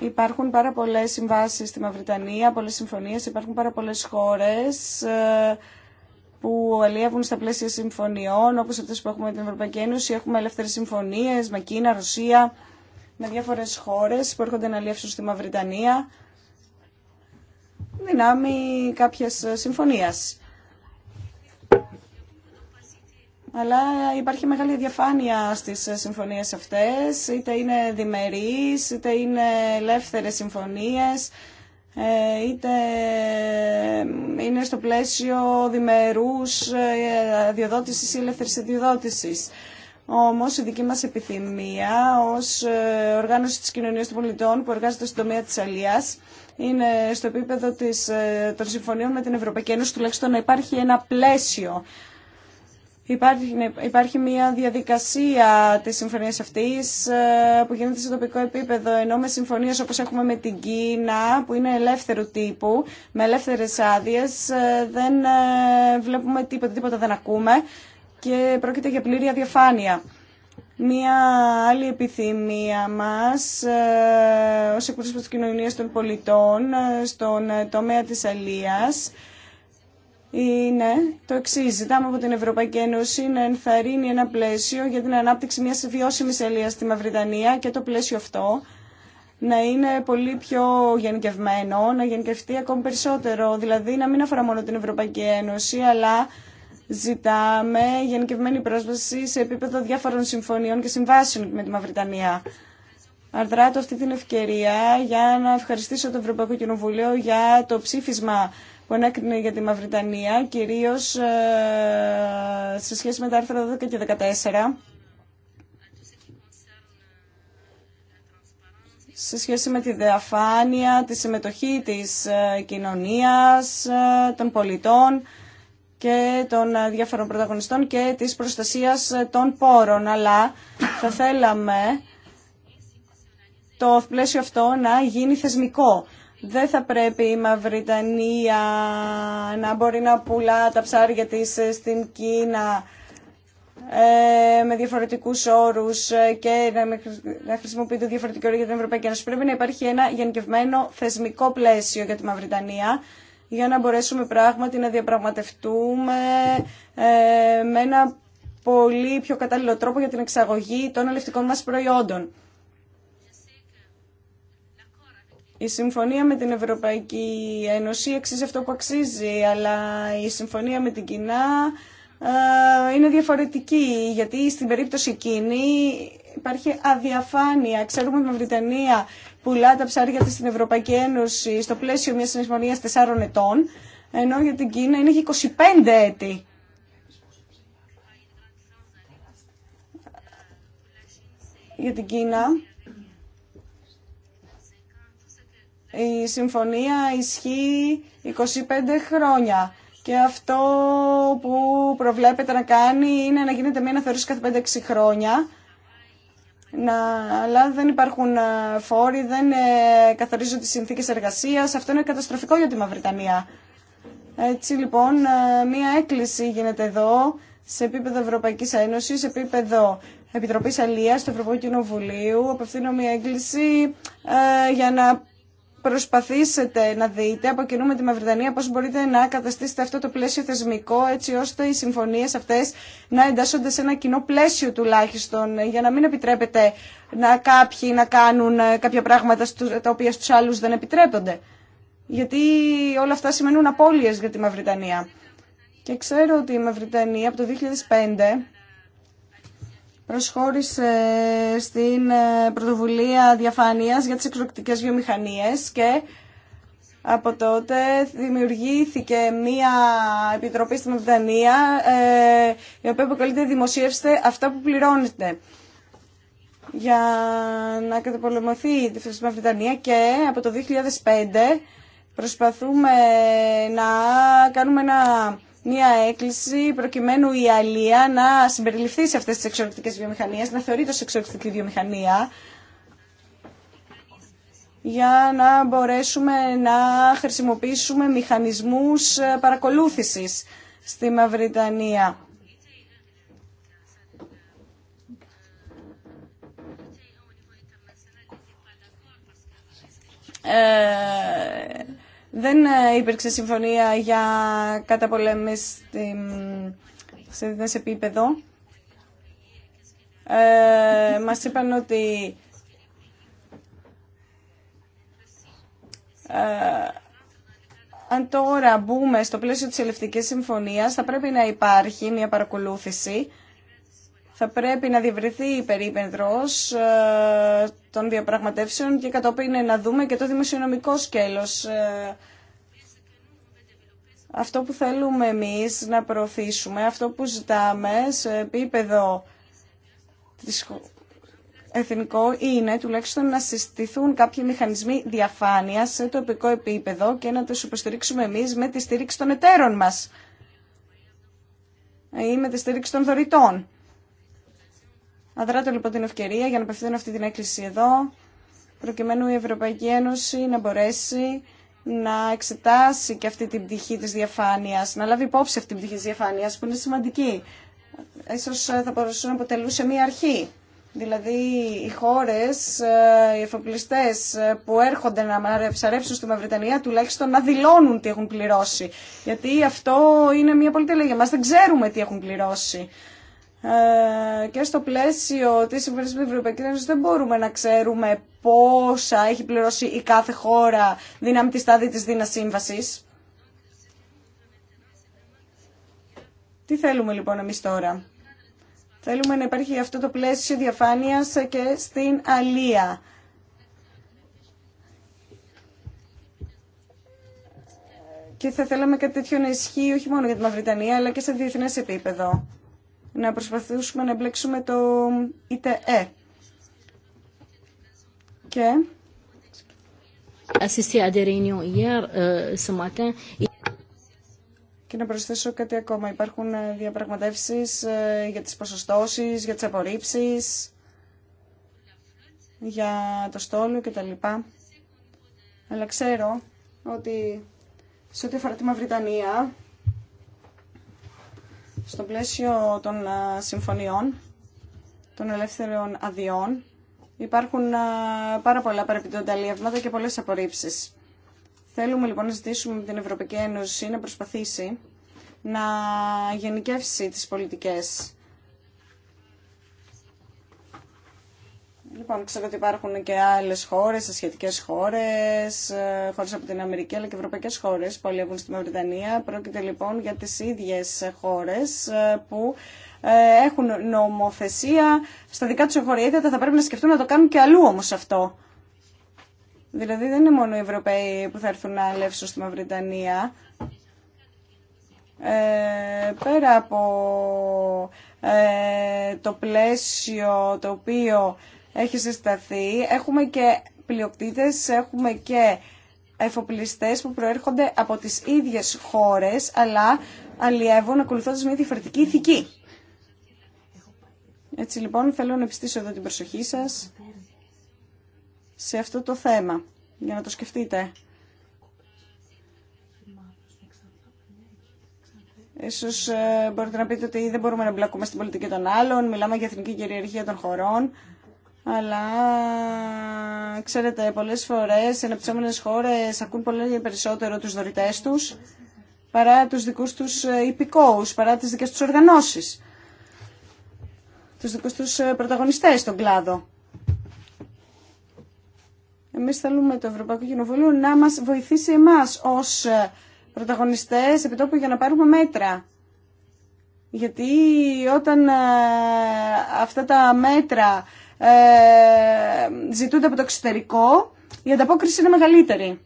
Υπάρχουν πάρα πολλές συμβάσεις στη Μαυριτανία, πολλές συμφωνίες, υπάρχουν πάρα πολλές χώρες που αλλιεύουν στα πλαίσια συμφωνιών, όπως αυτές που έχουμε με την Ευρωπαϊκή Ένωση. Έχουμε ελεύθερες συμφωνίες με Κίνα, Ρωσία, με διάφορες χώρες που έρχονται να αλλιεύσουν στη Μαυριτανία, δυνάμει κάποιες συμφωνίες. Αλλά υπάρχει μεγάλη διαφάνεια στις συμφωνίες αυτές, είτε είναι διμερείς, είτε είναι ελεύθερες συμφωνίες, ε, είτε ε, είναι στο πλαίσιο διμερούς ε, αδειοδότησης ή ελεύθερης αδειοδότησης. Όμως η δική μας επιθυμία ως οργάνωση της κοινωνίας των πολιτών που εργάζεται στον τομέα της αλίας είναι στο επίπεδο της, των συμφωνίων με την Ευρωπαϊκή Ένωση τουλάχιστον να υπάρχει ένα πλαίσιο ναι, υπάρχει, μια διαδικασία της συμφωνίας αυτής ε, που γίνεται σε τοπικό επίπεδο, ενώ με συμφωνίες όπως έχουμε με την Κίνα, που είναι ελεύθερου τύπου, με ελεύθερες άδειε, ε, δεν ε, βλέπουμε τίποτα, τίποτα δεν ακούμε και πρόκειται για πλήρη αδιαφάνεια. Μία άλλη επιθυμία μας ως εκπρόσωπος της κοινωνίας των πολιτών στον τομέα της αλίας είναι το εξή. Ζητάμε από την Ευρωπαϊκή Ένωση να ενθαρρύνει ένα πλαίσιο για την ανάπτυξη μια βιώσιμης ελεία στη Μαυριτανία και το πλαίσιο αυτό να είναι πολύ πιο γενικευμένο, να γενικευτεί ακόμη περισσότερο. Δηλαδή να μην αφορά μόνο την Ευρωπαϊκή Ένωση, αλλά ζητάμε γενικευμένη πρόσβαση σε επίπεδο διάφορων συμφωνιών και συμβάσεων με τη Μαυριτανία. Αρδράτω αυτή την ευκαιρία για να ευχαριστήσω το Ευρωπαϊκό Κοινοβουλίο για το ψήφισμα που ανέκρινε για τη Μαυριτανία, κυρίως ε, σε σχέση με τα άρθρα 12 και 14, σε σχέση με τη διαφάνεια, τη συμμετοχή της ε, κοινωνίας, ε, των πολιτών και των διάφορων πρωταγωνιστών και της προστασίας των πόρων. Αλλά θα θέλαμε το πλαίσιο αυτό να γίνει θεσμικό, δεν θα πρέπει η Μαυριτανία να μπορεί να πουλά τα ψάρια της στην Κίνα ε, με διαφορετικούς όρους και να χρησιμοποιείται διαφορετικό όρο για την Ευρωπαϊκή Ένωση. Πρέπει να υπάρχει ένα γενικευμένο θεσμικό πλαίσιο για τη Μαυριτανία για να μπορέσουμε πράγματι να διαπραγματευτούμε ε, με ένα πολύ πιο κατάλληλο τρόπο για την εξαγωγή των ελευτικών μας προϊόντων. Η συμφωνία με την Ευρωπαϊκή Ένωση αξίζει αυτό που αξίζει, αλλά η συμφωνία με την Κινά είναι διαφορετική, γιατί στην περίπτωση εκείνη υπάρχει αδιαφάνεια. Ξέρουμε ότι η Βρυτανία πουλά τα ψάρια της στην Ευρωπαϊκή Ένωση στο πλαίσιο μιας συμφωνίας 4 ετών, ενώ για την Κίνα είναι 25 έτη. Για την Κίνα Η συμφωνία ισχύει 25 χρόνια. Και αυτό που προβλέπεται να κάνει είναι να γίνεται μια αναθεώρηση κάθε 5-6 χρόνια. Να, αλλά δεν υπάρχουν ε, φόροι, δεν ε, καθορίζονται οι συνθήκες εργασίας. Αυτό είναι καταστροφικό για τη Μαυριτανία. Έτσι λοιπόν ε, μια έκκληση γίνεται εδώ σε επίπεδο Ευρωπαϊκής Ένωσης, σε επίπεδο Επιτροπής Αλίας του Ευρωπαϊκού Κοινοβουλίου. Απευθύνω μια έκκληση ε, για να προσπαθήσετε να δείτε από κοινού με τη Μαυριτανία πώς μπορείτε να καταστήσετε αυτό το πλαίσιο θεσμικό έτσι ώστε οι συμφωνίες αυτές να εντάσσονται σε ένα κοινό πλαίσιο τουλάχιστον για να μην επιτρέπετε να κάποιοι να κάνουν ε, κάποια πράγματα τα οποία στους άλλους δεν επιτρέπονται. Γιατί όλα αυτά σημαίνουν απώλειες για τη Μαυριτανία. Και ξέρω ότι η Μαυριτανία από το 2005 προσχώρησε στην ε, πρωτοβουλία διαφάνειας για τις εξορροπτικές βιομηχανίες και από τότε δημιουργήθηκε μία επιτροπή στην ε, η οποία αποκαλείται «Δημοσίευστε αυτά που πληρώνετε» για να καταπολεμωθεί η διεθνή και από το 2005 προσπαθούμε να κάνουμε ένα μια έκκληση προκειμένου η Αλία να συμπεριληφθεί σε αυτές τις εξορρυκτικές βιομηχανίες, να θεωρείται ως εξορρυκτική βιομηχανία, για να μπορέσουμε να χρησιμοποιήσουμε μηχανισμούς παρακολούθησης στη Μαυριτανία. Ε, δεν ε, υπήρξε συμφωνία για καταπολέμηση σε επίπεδο. Ε, μας είπαν ότι ε, αν τώρα μπούμε στο πλαίσιο της ελευθερικής Συμφωνίας θα πρέπει να υπάρχει μια παρακολούθηση θα πρέπει να διευρυνθεί η ε, των διαπραγματεύσεων και κατόπιν να δούμε και το δημοσιονομικό σκέλος. Ε, αυτό που θέλουμε εμείς να προωθήσουμε, αυτό που ζητάμε σε επίπεδο εθνικό είναι τουλάχιστον να συστηθούν κάποιοι μηχανισμοί διαφάνειας σε τοπικό επίπεδο και να τους υποστηρίξουμε εμείς με τη στήριξη των εταίρων μας ή με τη στήριξη των δωρητών. Αδράτω λοιπόν την ευκαιρία για να απευθύνω αυτή την έκκληση εδώ, προκειμένου η Ευρωπαϊκή Ένωση να μπορέσει να εξετάσει και αυτή την πτυχή της διαφάνειας, να λάβει υπόψη αυτή την πτυχή της διαφάνειας που είναι σημαντική. Ίσως ε, θα μπορούσε να αποτελούσε μία αρχή. Δηλαδή οι χώρες, ε, οι εφοπλιστές ε, που έρχονται να ψαρέψουν στη Μαυριτανία τουλάχιστον να δηλώνουν τι έχουν πληρώσει. Γιατί αυτό είναι μια πολυτελεία για μας. Δεν ξέρουμε τι έχουν πληρώσει. Ε, και στο πλαίσιο τη Συμφωνία με την Ευρωπαϊκή Ένωση δεν μπορούμε να ξέρουμε πόσα έχει πληρώσει η κάθε χώρα δύναμη τη στάδη τη Δίνα Σύμβαση. Τι θέλουμε λοιπόν εμεί τώρα. Θέλουμε να υπάρχει αυτό το πλαίσιο διαφάνειας και στην αλία. Και θα θέλαμε κάτι τέτοιο να ισχύει όχι μόνο για τη Μαυριτανία, αλλά και σε διεθνές επίπεδο να προσπαθήσουμε να εμπλέξουμε το ΙΤΕ. Και... Euh, και να προσθέσω κάτι ακόμα. Υπάρχουν ε, διαπραγματεύσεις ε, για τις ποσοστώσεις, για τις απορρίψεις, για το στόλιο κτλ. Αλλά ξέρω ότι σε ό,τι αφορά τη Μαυριτανία στο πλαίσιο των συμφωνιών, των ελεύθερων αδειών, υπάρχουν πάρα πολλά παρεπιδόντα αλλιεύματα και πολλές απορρίψεις. Θέλουμε λοιπόν να ζητήσουμε την Ευρωπαϊκή Ένωση να προσπαθήσει να γενικεύσει τις πολιτικές Λοιπόν, ξέρω ότι υπάρχουν και άλλε χώρε, ασιατικέ χώρε, χώρε από την Αμερική αλλά και ευρωπαϊκέ χώρε που αλλιεύουν στη Μαυριτανία. Πρόκειται λοιπόν για τι ίδιε χώρε ε, που ε, έχουν νομοθεσία στα δικά του εγχωρία. Θα πρέπει να σκεφτούν να το κάνουν και αλλού όμω αυτό. Δηλαδή δεν είναι μόνο οι Ευρωπαίοι που θα έρθουν να αλλεύσουν στη Μαυριτανία. Ε, πέρα από ε, το πλαίσιο το οποίο έχει συσταθεί. Έχουμε και πλειοκτήτες, έχουμε και εφοπλιστές που προέρχονται από τις ίδιες χώρες, αλλά αλλιεύουν ακολουθώντας μια διαφορετική ηθική. Έτσι λοιπόν θέλω να επιστήσω εδώ την προσοχή σας σε αυτό το θέμα, για να το σκεφτείτε. Ίσως ε, μπορείτε να πείτε ότι δεν μπορούμε να μπλακούμε στην πολιτική των άλλων, μιλάμε για εθνική κυριαρχία των χωρών. Αλλά ξέρετε, πολλέ φορές οι αναπτυσσόμενε χώρες ακούν πολύ περισσότερο τους δωρητέ τους παρά τους δικούς τους ε, υπηκόους, παρά τις δικές τους οργανώσεις, του δικού τους ε, πρωταγωνιστές στον κλάδο. Εμείς θέλουμε το Ευρωπαϊκό Κοινοβούλιο να μας βοηθήσει μας ως ε, πρωταγωνιστές επιτόπου για να πάρουμε μέτρα. Γιατί όταν αυτά τα μέτρα ε, ζητούνται από το εξωτερικό, η ανταπόκριση είναι μεγαλύτερη.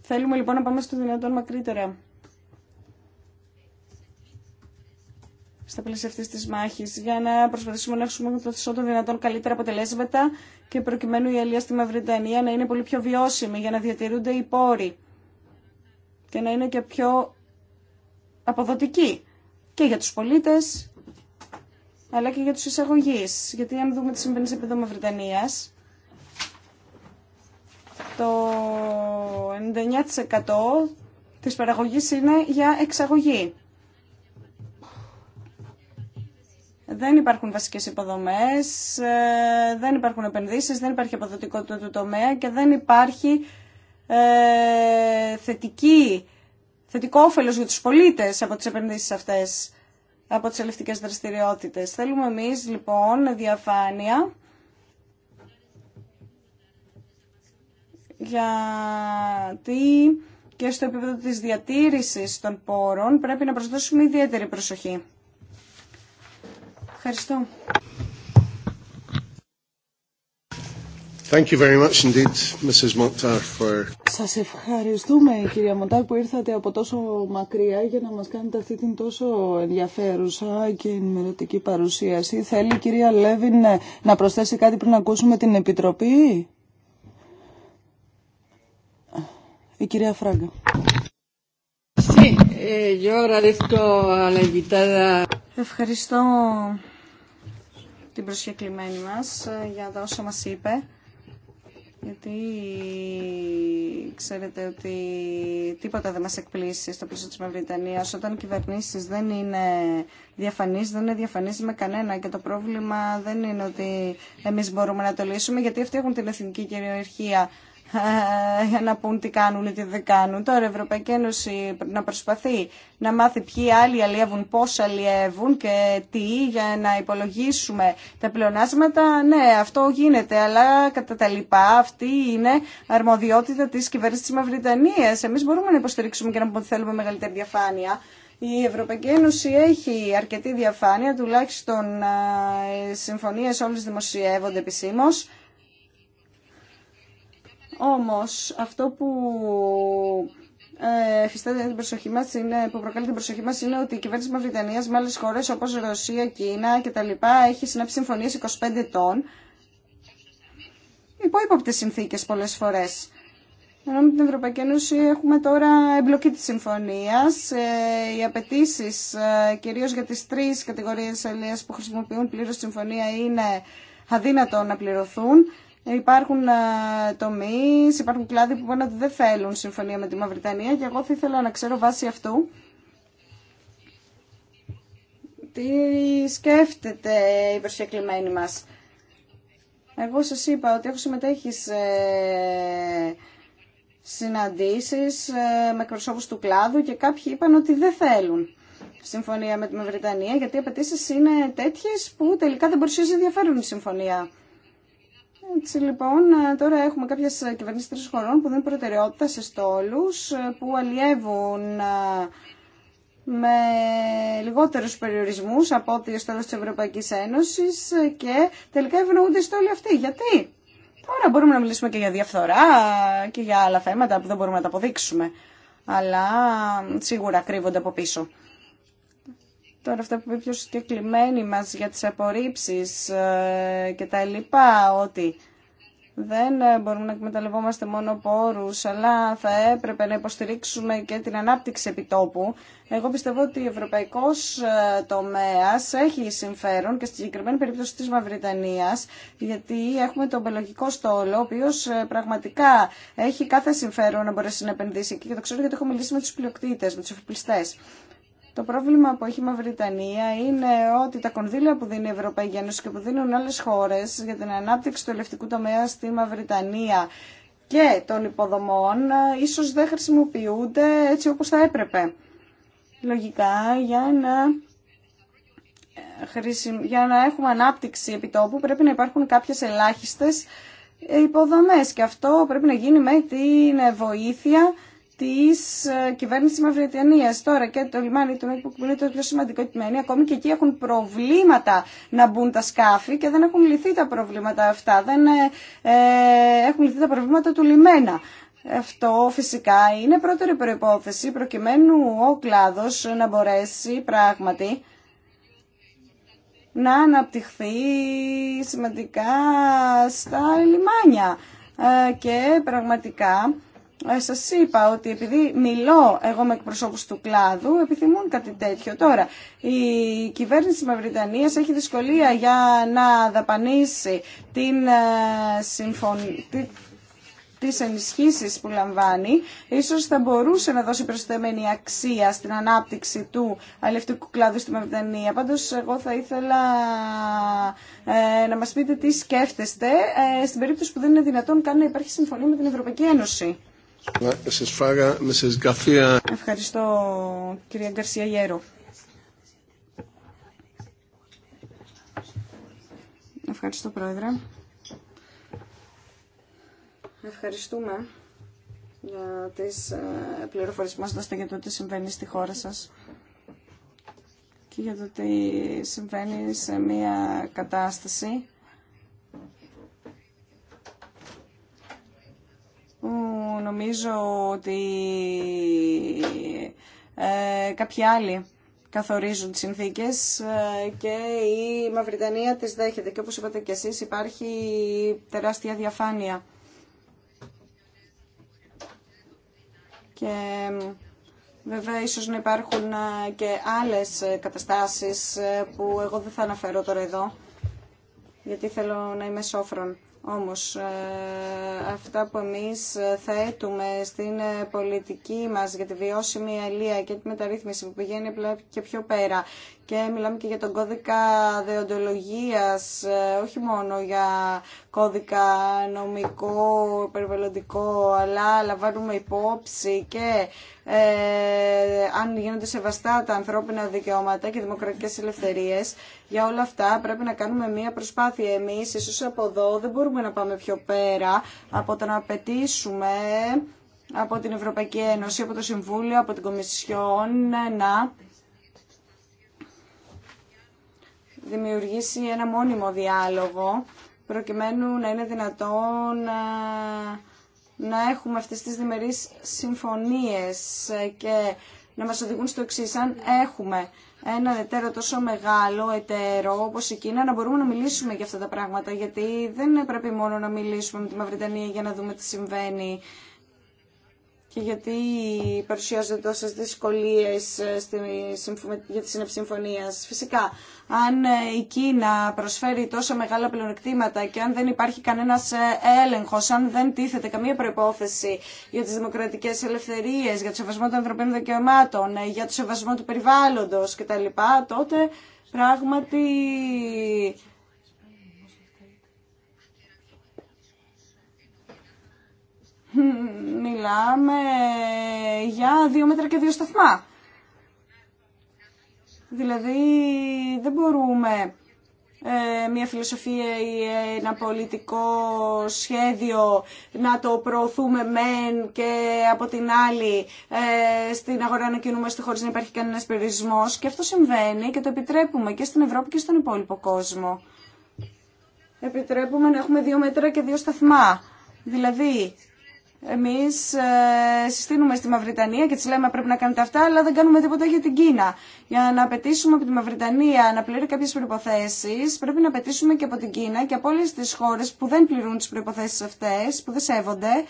Θέλουμε λοιπόν να πάμε στο δυνατόν μακρύτερα. στα πλαίσια αυτή τη μάχη, για να προσπαθήσουμε να έχουμε το των δυνατόν καλύτερα αποτελέσματα και προκειμένου η Αλία στη Μαυριτανία να είναι πολύ πιο βιώσιμη, για να διατηρούνται οι πόροι και να είναι και πιο αποδοτική και για τους πολίτες αλλά και για τους εισαγωγείς. Γιατί αν δούμε τι συμβαίνει σε επίπεδο το 99% της παραγωγής είναι για εξαγωγή. Δεν υπάρχουν βασικές υποδομές, ε, δεν υπάρχουν επενδύσεις, δεν υπάρχει αποδοτικότητα του τομέα και δεν υπάρχει ε, θετική, θετικό όφελος για τους πολίτες από τις επενδύσεις αυτές από τις ελευτικές δραστηριότητες. Θέλουμε εμείς λοιπόν διαφάνεια γιατί και στο επίπεδο της διατήρησης των πόρων πρέπει να προσδώσουμε ιδιαίτερη προσοχή. Ευχαριστώ. Σας ευχαριστούμε κυρία Μοντάρ που ήρθατε από τόσο μακριά για να μας κάνετε αυτή την τόσο ενδιαφέρουσα και ενημερωτική παρουσίαση. Θέλει η κυρία Λέβιν ε, να προσθέσει κάτι πριν ακούσουμε την Επιτροπή. Η κυρία Φράγκα. Eh, Ευχαριστώ την προσκεκλημένη μας ε, για όσα μας είπε γιατί ξέρετε ότι τίποτα δεν μας εκπλήσει στο πλαίσιο της Μαυριτανίας όταν οι κυβερνήσεις δεν είναι διαφανείς, δεν είναι διαφανείς με κανένα και το πρόβλημα δεν είναι ότι εμείς μπορούμε να το λύσουμε γιατί αυτοί έχουν την εθνική κυριαρχία ε, για να πούν τι κάνουν ή τι δεν κάνουν. Τώρα η Ευρωπαϊκή Ένωση να προσπαθεί να μάθει ποιοι άλλοι αλλιεύουν, πώ αλλιεύουν και τι για να υπολογίσουμε τα πλεονάσματα. Ναι, αυτό γίνεται, αλλά κατά τα λοιπά αυτή είναι αρμοδιότητα της κυβέρνηση τη Μαυριτανίας. Εμείς μπορούμε να υποστηρίξουμε και να πούμε ότι θέλουμε μεγαλύτερη διαφάνεια. Η Ευρωπαϊκή Ένωση έχει αρκετή διαφάνεια, τουλάχιστον οι ε, συμφωνίες όλες δημοσιεύονται επισήμως. Όμως αυτό που ε, την προσοχή μα, είναι, που προκαλεί την προσοχή μα, είναι ότι η κυβέρνηση Μαυριτανίας με άλλες χώρες όπως Ρωσία, Κίνα κτλ. έχει συνάψει συμφωνίες 25 ετών υπό υπόπτε συνθήκες πολλές φορές. Ενώ με την Ευρωπαϊκή Ένωση έχουμε τώρα εμπλοκή της συμφωνίας. Ε, οι απαιτήσει ε, κυρίως για τις τρεις κατηγορίες ελίας που χρησιμοποιούν πλήρως συμφωνία είναι αδύνατο να πληρωθούν. Υπάρχουν ε, τομεί, υπάρχουν κλάδοι που μπορεί ότι δεν θέλουν συμφωνία με τη Μαυριτανία και εγώ θα ήθελα να ξέρω βάσει αυτού τι σκέφτεται η προσκεκλημένη μας. Εγώ σας είπα ότι έχω συμμετέχει σε ε, συναντήσεις ε, με εκπροσώπους του κλάδου και κάποιοι είπαν ότι δεν θέλουν συμφωνία με τη Μαυριτανία γιατί οι απαιτήσει είναι τέτοιες που τελικά δεν μπορούσε να ενδιαφέρουν η συμφωνία. Έτσι λοιπόν, ε, τώρα έχουμε κάποιες κυβερνήσεις τρεις χωρών που δίνουν προτεραιότητα σε στόλους, ε, που αλλιεύουν ε, με λιγότερους περιορισμούς από ό,τι ο στόλος της Ευρωπαϊκής Ένωσης και τελικά ευνοούνται οι στόλοι αυτοί. Γιατί? Τώρα μπορούμε να μιλήσουμε και για διαφθορά και για άλλα θέματα που δεν μπορούμε να τα αποδείξουμε. Αλλά σίγουρα κρύβονται από πίσω. Τώρα αυτά που είπε πιο συγκεκριμένοι μας για τις απορρίψεις ε, και τα λοιπά, ότι δεν ε, μπορούμε να εκμεταλλευόμαστε μόνο πόρους, αλλά θα έπρεπε να υποστηρίξουμε και την ανάπτυξη επιτόπου. Εγώ πιστεύω ότι ο ευρωπαϊκός ε, τομέας έχει συμφέρον και στη συγκεκριμένη περίπτωση της Μαυριτανίας, γιατί έχουμε τον πελογικό στόλο, ο οποίος πραγματικά έχει κάθε συμφέρον να μπορέσει να επενδύσει εκεί. Και το ξέρω γιατί έχω μιλήσει με τους πλειοκτήτες, με τους εφοπλιστές. Το πρόβλημα που έχει η Μαυριτανία είναι ότι τα κονδύλια που δίνει η Ευρωπαϊκή Ένωση και που δίνουν άλλες χώρες για την ανάπτυξη του ελευτικού τομέα στη Μαυριτανία και των υποδομών ίσως δεν χρησιμοποιούνται έτσι όπως θα έπρεπε. Λογικά για να για να έχουμε ανάπτυξη επιτόπου πρέπει να υπάρχουν κάποιες ελάχιστες υποδομές και αυτό πρέπει να γίνει με την βοήθεια της ε, κυβέρνηση Μαυριτανία Τώρα και το λιμάνι του που είναι το πιο σημαντικό κειμένο, ακόμη και εκεί έχουν προβλήματα να μπουν τα σκάφη και δεν έχουν λυθεί τα προβλήματα αυτά, δεν ε, ε, έχουν λυθεί τα προβλήματα του λιμένα. Αυτό φυσικά είναι πρώτερη προϋπόθεση προκειμένου ο κλάδος να μπορέσει πράγματι να αναπτυχθεί σημαντικά στα λιμάνια. Ε, και πραγματικά ε, Σα είπα ότι επειδή μιλώ εγώ με εκπροσώπου του κλάδου, επιθυμούν κάτι τέτοιο. Τώρα, η κυβέρνηση Μαυριτανία έχει δυσκολία για να δαπανίσει την ε, συμφωνία τις ενισχύσεις που λαμβάνει, ίσως θα μπορούσε να δώσει προσθεμένη αξία στην ανάπτυξη του αλληλευτικού κλάδου στη Μαυριτανία. Πάντως, εγώ θα ήθελα ε, να μας πείτε τι σκέφτεστε στην περίπτωση που δεν είναι δυνατόν καν να υπάρχει συμφωνία με την Ευρωπαϊκή Ένωση. Ευχαριστώ κυρία Γκαρσία Γέρο. Ευχαριστώ πρόεδρε. Ευχαριστούμε για τις ε, πληροφορίες που μας δώσετε για το τι συμβαίνει στη χώρα σας και για το τι συμβαίνει σε μια κατάσταση νομίζω ότι ε, κάποιοι άλλοι καθορίζουν τις συνθήκες ε, και η Μαυριτανία τις δέχεται. Και όπως είπατε και εσείς υπάρχει τεράστια διαφάνεια. Και βέβαια ίσως να υπάρχουν ε, και άλλες ε, καταστάσεις που εγώ δεν θα αναφέρω τώρα εδώ, γιατί θέλω να είμαι σόφρον. Όμως ε, αυτά που εμείς ε, θέτουμε στην ε, πολιτική μας για τη βιώσιμη αλία και τη μεταρρύθμιση που πηγαίνει και πιο πέρα και μιλάμε και για τον κώδικα δεοντολογίας, ε, όχι μόνο για κώδικα νομικό, περιβαλλοντικό, αλλά λαμβάνουμε υπόψη και ε, αν γίνονται σεβαστά τα ανθρώπινα δικαιώματα και δημοκρατικές ελευθερίες, για όλα αυτά πρέπει να κάνουμε μία προσπάθεια. Εμείς ίσως από εδώ δεν μπορούμε να πάμε πιο πέρα από το να απαιτήσουμε από την Ευρωπαϊκή Ένωση, από το Συμβούλιο, από την Κομισιόν να δημιουργήσει ένα μόνιμο διάλογο προκειμένου να είναι δυνατόν ε, να, έχουμε αυτές τις διμερείς συμφωνίες ε, και να μας οδηγούν στο εξή. Αν έχουμε ένα εταίρο τόσο μεγάλο εταίρο όπως η Κίνα, να μπορούμε να μιλήσουμε για αυτά τα πράγματα, γιατί δεν πρέπει μόνο να μιλήσουμε με τη Μαυριτανία για να δούμε τι συμβαίνει και γιατί παρουσιάζονται τόσε δυσκολίε ε, για τη σύναψη συμφωνία. Φυσικά, αν ε, η Κίνα προσφέρει τόσα μεγάλα πλεονεκτήματα και αν δεν υπάρχει κανένα ε, έλεγχο, αν δεν τίθεται καμία προπόθεση για τι δημοκρατικέ ελευθερίε, για το σεβασμό των ανθρωπίνων δικαιωμάτων, για το σεβασμό του περιβάλλοντο κτλ., τότε πράγματι μιλάμε για δύο μέτρα και δύο σταθμά. Δηλαδή δεν μπορούμε ε, μια φιλοσοφία ή ένα πολιτικό σχέδιο να το προωθούμε μεν και από την άλλη ε, στην αγορά να κινούμαστε χωρίς να υπάρχει κανένας περιορισμός και αυτό συμβαίνει και το επιτρέπουμε και στην Ευρώπη και στον υπόλοιπο κόσμο. Επιτρέπουμε να έχουμε δύο μέτρα και δύο σταθμά. Δηλαδή εμείς ε, συστήνουμε στη Μαυριτανία και τη λέμε πρέπει να κάνετε αυτά, αλλά δεν κάνουμε τίποτα για την Κίνα. Για να απαιτήσουμε από τη Μαυριτανία να πληρεί κάποιε προποθέσει, πρέπει να απαιτήσουμε και από την Κίνα και από όλε τι χώρε που δεν πληρούν τι προποθέσει αυτέ, που δεν σέβονται,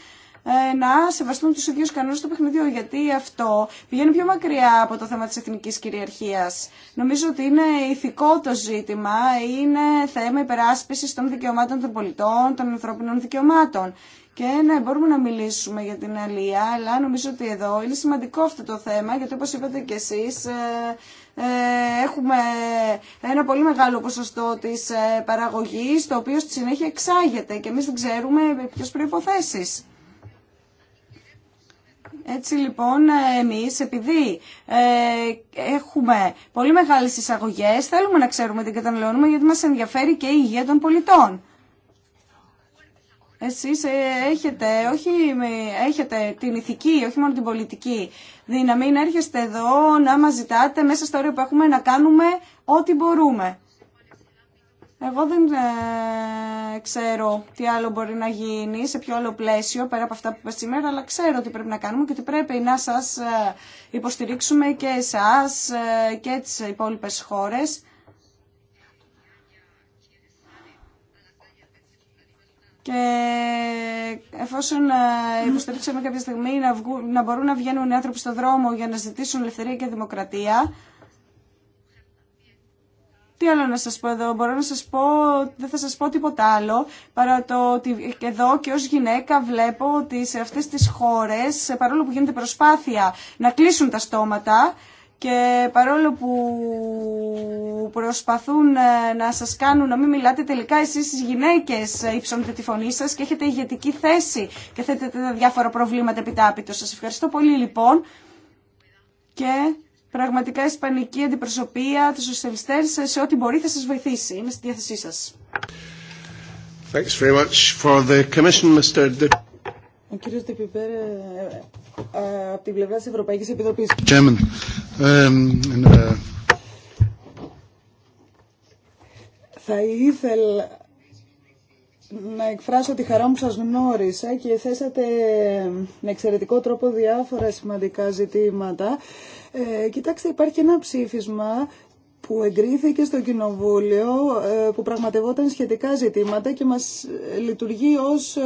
ε, να σεβαστούν του ίδιου κανόνε του παιχνιδιού, γιατί αυτό πηγαίνει πιο μακριά από το θέμα τη εθνική κυριαρχία. Νομίζω ότι είναι ηθικό το ζήτημα, είναι θέμα υπεράσπιση των δικαιωμάτων των πολιτών, των ανθρώπινων δικαιωμάτων και ναι, μπορούμε να μιλήσουμε για την αλία, αλλά νομίζω ότι εδώ είναι σημαντικό αυτό το θέμα, γιατί όπως είπατε και εσείς, ε, ε, έχουμε ένα πολύ μεγάλο ποσοστό της ε, παραγωγής, το οποίο στη συνέχεια εξάγεται και εμείς δεν ξέρουμε ποιες προϋποθέσεις. Έτσι λοιπόν εμείς επειδή ε, έχουμε πολύ μεγάλες εισαγωγές θέλουμε να ξέρουμε τι καταναλώνουμε γιατί μας ενδιαφέρει και η υγεία των πολιτών. Εσείς ε, έχετε, όχι, έχετε την ηθική, όχι μόνο την πολιτική δύναμη, να έρχεστε εδώ να μας ζητάτε μέσα στο όριο που έχουμε να κάνουμε ό,τι μπορούμε. Εγώ δεν ε, ξέρω τι άλλο μπορεί να γίνει, σε ποιο άλλο πλαίσιο, πέρα από αυτά που είπα σήμερα, αλλά ξέρω τι πρέπει να κάνουμε και ότι πρέπει να σας ε, υποστηρίξουμε και εσάς και τις υπόλοιπες χώρες Και εφόσον ε, υποστηρίξαμε κάποια στιγμή να, να μπορούν να βγαίνουν οι άνθρωποι στον δρόμο για να ζητήσουν ελευθερία και δημοκρατία, τι άλλο να σας πω εδώ, μπορώ να σας πω, δεν θα σας πω τίποτα άλλο, παρά το ότι εδώ και ως γυναίκα βλέπω ότι σε αυτές τις χώρες, παρόλο που γίνεται προσπάθεια να κλείσουν τα στόματα, και παρόλο που προσπαθούν ε, να σας κάνουν να μην μιλάτε τελικά εσείς οι γυναίκες ε, υψώνετε τη φωνή σας και έχετε ηγετική θέση και θέτετε τα διάφορα προβλήματα επιτάπητος. Σας ευχαριστώ πολύ λοιπόν και πραγματικά η Ισπανική Αντιπροσωπεία, του σοσιαλιστές σε ό,τι μπορεί θα σας βοηθήσει. Είμαι στη διάθεσή σας. Ευρωπαϊκής ε, Θα ήθελα να εκφράσω τη χαρά μου που σας γνώρισα και θέσατε με εξαιρετικό τρόπο διάφορα σημαντικά ζητήματα. Ε, κοιτάξτε, υπάρχει ένα ψήφισμα που εγκρίθηκε στο Κοινοβούλιο, ε, που πραγματευόταν σχετικά ζητήματα και μας λειτουργεί ως ε,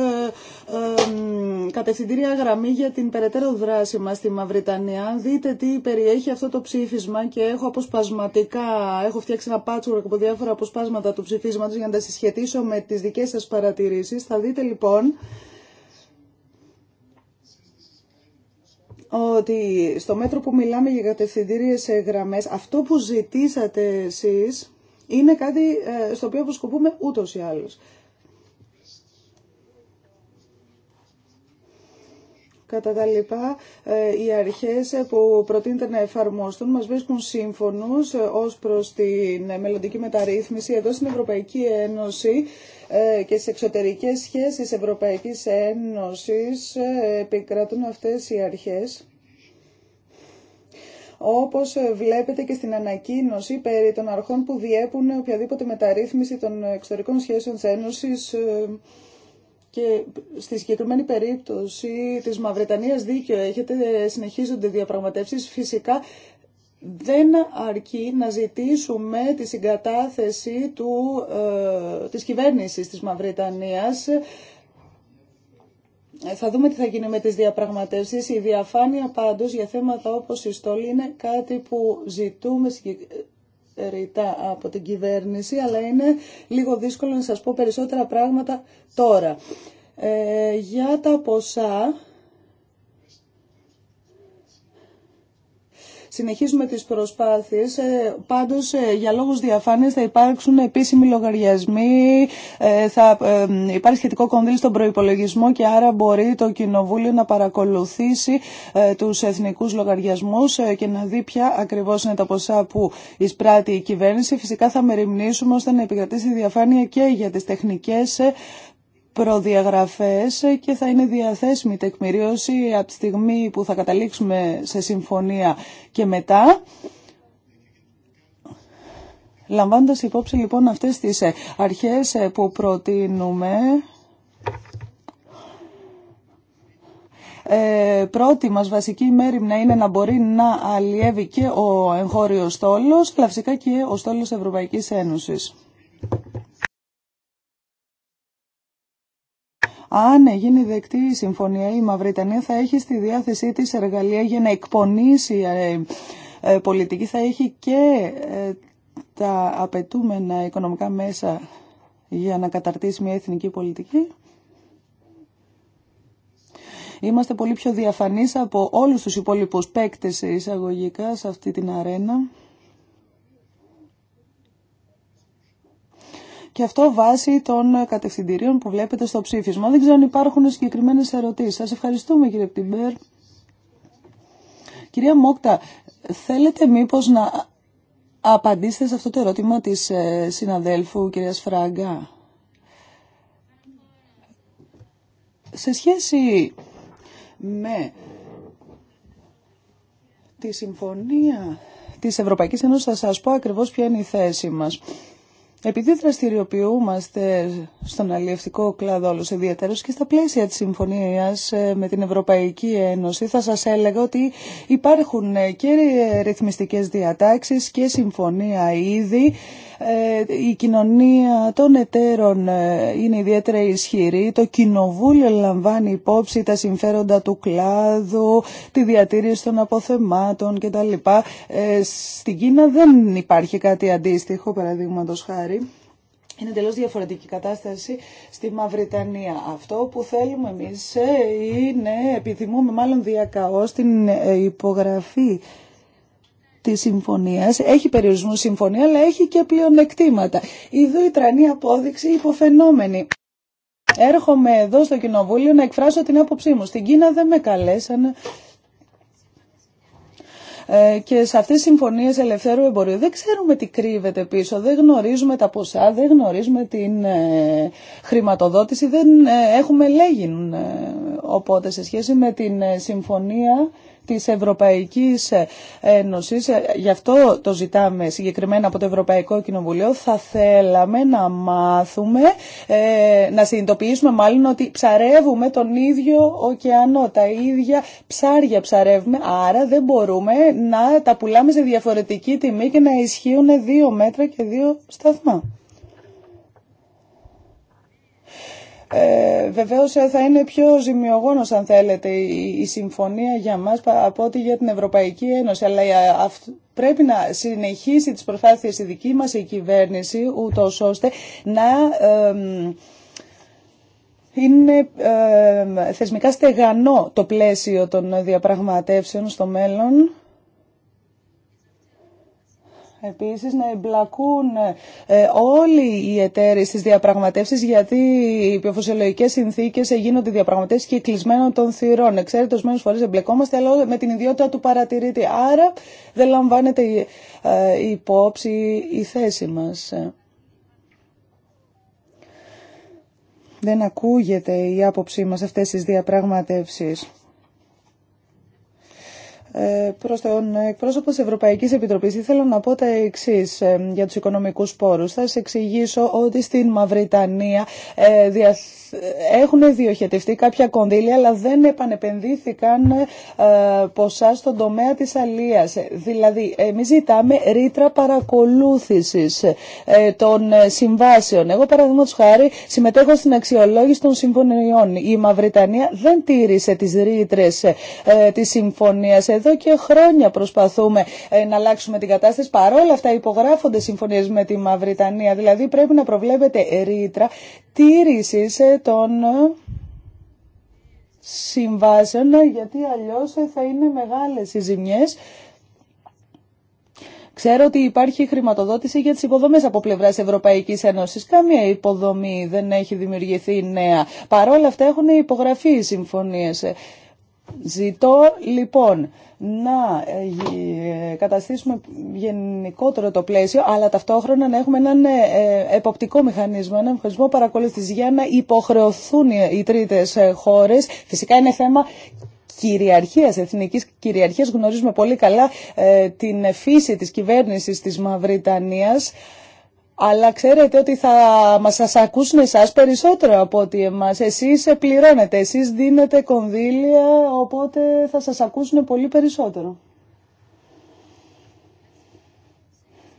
ε, κατευθυντήρια γραμμή για την περαιτέρω δράση μας στη Μαυριτανία. Δείτε τι περιέχει αυτό το ψήφισμα και έχω αποσπασματικά, έχω φτιάξει ένα πάτσουρ από διάφορα αποσπάσματα του ψηφίσματος για να τα συσχετήσω με τις δικές σας παρατηρήσεις. Θα δείτε λοιπόν ότι στο μέτρο που μιλάμε για κατευθυντήριε ε, γραμμέ, αυτό που ζητήσατε εσείς είναι κάτι ε, στο οποίο αποσκοπούμε ούτω ή άλλω. Κατά τα λοιπά, ε, οι αρχές που προτείνεται να εφαρμόσουν μας βρίσκουν σύμφωνους ε, ως προς την μελλοντική μεταρρύθμιση εδώ στην Ευρωπαϊκή Ένωση ε, και στις εξωτερικές σχέσεις Ευρωπαϊκής Ένωσης επικρατούν αυτές οι αρχές όπως βλέπετε και στην ανακοίνωση περί των αρχών που διέπουν οποιαδήποτε μεταρρύθμιση των εξωτερικών σχέσεων της Ένωσης και στη συγκεκριμένη περίπτωση της Μαυρετανία, δίκιο έχετε, συνεχίζονται διαπραγματεύσεις. Φυσικά δεν αρκεί να ζητήσουμε τη συγκατάθεση του, ε, της κυβέρνησης της Μαυρετανίας θα δούμε τι θα γίνει με τις διαπραγματεύσεις. Η διαφάνεια πάντως για θέματα όπως η στόλη είναι κάτι που ζητούμε ρητά από την κυβέρνηση, αλλά είναι λίγο δύσκολο να σας πω περισσότερα πράγματα τώρα. Ε, για τα ποσά Συνεχίζουμε τις προσπάθειες. Ε, πάντως, ε, για λόγους διαφάνειας θα υπάρξουν επίσημοι λογαριασμοί, ε, θα υπάρχει σχετικό κονδύλι στον προϋπολογισμό και άρα μπορεί το Κοινοβούλιο να παρακολουθήσει τους εθνικούς λογαριασμούς και να δει ποια ακριβώς είναι τα ποσά που εισπράττει η κυβέρνηση. Φυσικά θα μεριμνήσουμε ώστε να επικρατήσει διαφάνεια και για τις τεχνικές προδιαγραφές και θα είναι διαθέσιμη τεκμηρίωση από τη στιγμή που θα καταλήξουμε σε συμφωνία και μετά. Λαμβάνοντας υπόψη λοιπόν αυτές τις ε, αρχές ε, που προτείνουμε, ε, πρώτη μας βασική μέρη να είναι να μπορεί να αλλιεύει και ο εγχώριος στόλος, αλλά φυσικά και ο στόλος Ευρωπαϊκής Ένωσης. Αν γίνει δεκτή η συμφωνία, η Μαυριτανία θα έχει στη διάθεσή της εργαλεία για να εκπονήσει ε, ε, πολιτική, θα έχει και ε, τα απαιτούμενα οικονομικά μέσα για να καταρτήσει μια εθνική πολιτική. Είμαστε πολύ πιο διαφανείς από όλους τους υπόλοιπους παίκτες εισαγωγικά σε αυτή την αρένα. Και αυτό βάσει των ε, κατευθυντηρίων που βλέπετε στο ψήφισμα. Δεν ξέρω αν υπάρχουν συγκεκριμένες ερωτήσεις. Σα ευχαριστούμε κύριε Πτυμπέρ. Κυρία Μόκτα, θέλετε μήπω να απαντήσετε σε αυτό το ερώτημα της ε, συναδέλφου κυρία Φράγκα. Σε σχέση με τη συμφωνία της Ευρωπαϊκής Ένωσης θα σας πω ακριβώς ποια είναι η θέση μας. Επειδή δραστηριοποιούμαστε στον αλλιευτικό κλάδο όλος ιδιαίτερος και στα πλαίσια της συμφωνίας ε, με την Ευρωπαϊκή Ένωση θα σας έλεγα ότι υπάρχουν ε, και ρυθμιστικές διατάξεις και συμφωνία ήδη ε, η κοινωνία των εταίρων ε, είναι ιδιαίτερα ισχυρή. Το κοινοβούλιο λαμβάνει υπόψη τα συμφέροντα του κλάδου, τη διατήρηση των αποθεμάτων κτλ. Ε, στην Κίνα δεν υπάρχει κάτι αντίστοιχο, παραδείγματος χάρη. Είναι εντελώ διαφορετική κατάσταση στη Μαυριτανία. Αυτό που θέλουμε εμεί είναι, επιθυμούμε μάλλον διακαώ την υπογραφή Τη συμφωνίας. Έχει περιορισμού συμφωνία, αλλά έχει και πλεονεκτήματα. Ιδού η τρανή απόδειξη υποφαινόμενη. Έρχομαι εδώ στο Κοινοβούλιο να εκφράσω την άποψή μου. Στην Κίνα δεν με καλέσανε ε, και σε αυτές τις συμφωνίες ελευθέρου εμπορίου δεν ξέρουμε τι κρύβεται πίσω, δεν γνωρίζουμε τα ποσά, δεν γνωρίζουμε την ε, χρηματοδότηση, δεν ε, έχουμε λέγην. οπότε σε σχέση με την συμφωνία της Ευρωπαϊκής Ένωσης. Γι' αυτό το ζητάμε συγκεκριμένα από το Ευρωπαϊκό Κοινοβουλίο. Θα θέλαμε να μάθουμε, ε, να συνειδητοποιήσουμε μάλλον ότι ψαρεύουμε τον ίδιο ωκεανό, τα ίδια ψάρια ψαρεύουμε, άρα δεν μπορούμε να τα πουλάμε σε διαφορετική τιμή και να ισχύουν δύο μέτρα και δύο σταθμά. Ε, βεβαίως ε, θα είναι πιο ζημιογόνος αν θέλετε η, συμφωνία για μας από ότι για την Ευρωπαϊκή Ένωση. Αλλά ε, πρέπει να συνεχίσει τις προσπάθειε η δική μας η κυβέρνηση ούτω ώστε να... είναι θεσμικά στεγανό το πλαίσιο των διαπραγματεύσεων στο μέλλον. Επίσης να εμπλακούν ε, όλοι οι εταίροι στις διαπραγματεύσεις γιατί οι πιοφουσιολογικές συνθήκες γίνονται διαπραγματεύσεις και κλεισμένων των θυρών. Ξέρετε, ορισμένες φορές εμπλεκόμαστε αλλά με την ιδιότητα του παρατηρήτη. Άρα δεν λαμβάνεται η ε, υπόψη η θέση μας. Δεν ακούγεται η άποψή μας αυτές τις διαπραγματεύσεις. Ε, προς τον εκπρόσωπο της Ευρωπαϊκής Επιτροπής ήθελα να πω τα εξή ε, για τους οικονομικούς πόρους. Θα σας εξηγήσω ότι στην Μαυριτανία ε, έχουν διοχετευτεί κάποια κονδύλια αλλά δεν επανεπενδύθηκαν ποσά στον τομέα της αλίας. Δηλαδή, εμείς ζητάμε ρήτρα παρακολούθησης των συμβάσεων. Εγώ, παραδείγματο χάρη, συμμετέχω στην αξιολόγηση των συμφωνιών. Η Μαυριτανία δεν τήρησε τις ρήτρες της συμφωνίας εδώ και χρόνια προσπαθούμε ε, να αλλάξουμε την κατάσταση. Παρόλα αυτά υπογράφονται συμφωνίες με τη Μαυριτανία. Δηλαδή πρέπει να προβλέπετε ρήτρα τήρησης ε, των ε, συμβάσεων, γιατί αλλιώς θα είναι μεγάλες οι ζημιές. Ξέρω ότι υπάρχει χρηματοδότηση για τι υποδομέ από πλευρά Ευρωπαϊκή Ένωση. Καμία υποδομή δεν έχει δημιουργηθεί νέα. Παρόλα αυτά έχουν υπογραφεί οι συμφωνίε. Ζητώ λοιπόν να ε, καταστήσουμε γενικότερο το πλαίσιο, αλλά ταυτόχρονα να έχουμε έναν ε, ε, εποπτικό μηχανισμό, έναν μηχανισμό παρακολούθηση για να υποχρεωθούν οι τρίτες χώρες. Φυσικά είναι θέμα κυριαρχίας, εθνικής κυριαρχίας. Γνωρίζουμε πολύ καλά την φύση της κυβέρνησης της Μαυριτανίας. Αλλά ξέρετε ότι θα μας σας ακούσουν εσάς περισσότερο από ότι εμάς. Εσείς πληρώνετε, εσείς δίνετε κονδύλια, οπότε θα σας ακούσουν πολύ περισσότερο.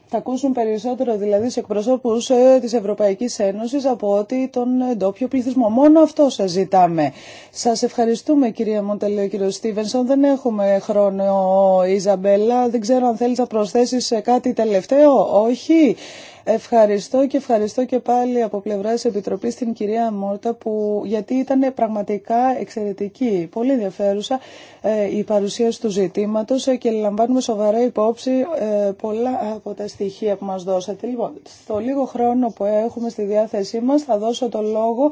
Θα ακούσουν περισσότερο δηλαδή σε εκπροσώπους ε, της Ευρωπαϊκής Ένωσης από ότι τον ντόπιο πληθυσμό. Μόνο αυτό σας ζητάμε. Σας ευχαριστούμε κυρία Μοντελέο, κύριο Στίβενσον. Δεν έχουμε χρόνο, Ιζαμπέλα. Δεν ξέρω αν θέλεις να προσθέσεις ε, κάτι τελευταίο. Όχι. Ευχαριστώ και ευχαριστώ και πάλι από πλευρά τη Επιτροπή την κυρία Μόρτα που γιατί ήταν πραγματικά εξαιρετική, πολύ ενδιαφέρουσα ε, η παρουσίαση του ζητήματο ε, και λαμβάνουμε σοβαρά υπόψη ε, πολλά από τα στοιχεία που μα δώσατε. Λοιπόν, στο λίγο χρόνο που έχουμε στη διάθεσή μα θα δώσω το λόγο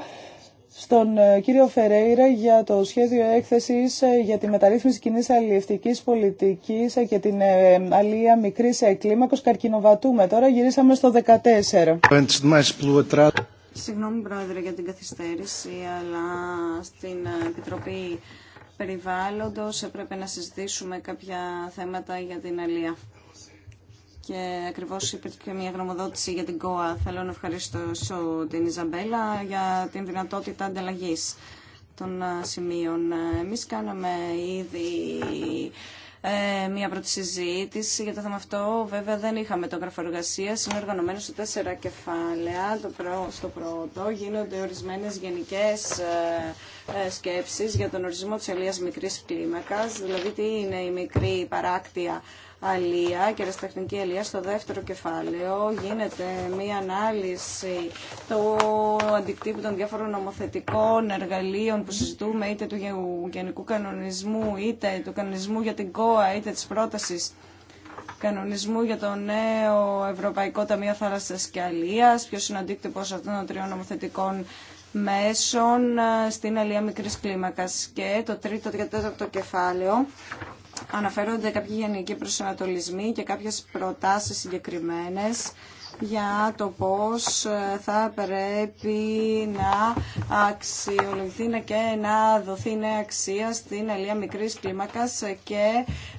στον ε, κύριο Φερέιρα για το σχέδιο έκθεσης ε, για τη μεταρρύθμιση κοινή αλληλευτικής πολιτικής ε, και την αλληλεία μικρής κλίμακος. Καρκινοβατούμε τώρα, γυρίσαμε στο 14. Συγγνώμη πρόεδρε για την καθυστέρηση, αλλά στην Επιτροπή Περιβάλλοντος έπρεπε να συζητήσουμε κάποια θέματα για την αλληλεία και ακριβώ υπήρχε και μια γνωμοδότηση για την ΚΟΑ. Θέλω να ευχαριστήσω την Ιζαμπέλα για την δυνατότητα ανταλλαγή των ε, σημείων. Εμεί. κάναμε ήδη ε, μια πρώτη συζήτηση για το θέμα αυτό. Βέβαια δεν είχαμε το γραφείο εργασία. Είναι οργανωμένο σε τέσσερα κεφάλαια. Το προ, στο πρώτο γίνονται ορισμένε γενικέ ε, ε σκέψει για τον ορισμό τη αλληλεία μικρή κλίμακα, δηλαδή τι είναι η μικρή παράκτεια αλία και αλία στο δεύτερο κεφάλαιο γίνεται μία ανάλυση του αντικτύπου των διάφορων νομοθετικών εργαλείων που συζητούμε είτε του γενικού κανονισμού είτε του κανονισμού για την ΚΟΑ είτε της πρότασης κανονισμού για το νέο Ευρωπαϊκό Ταμείο Θάλασσας και Αλίας, ποιος είναι ο αντίκτυπος αυτών των τριών νομοθετικών μέσων ε, στην αλία μικρής κλίμακας. Και το τρίτο και τέταρτο κεφάλαιο αναφέρονται κάποιοι γενικοί προσανατολισμοί και κάποιες προτάσεις συγκεκριμένες για το πώς ε, θα πρέπει να αξιολογηθεί και να δοθεί νέα αξία στην αλία μικρής κλίμακας και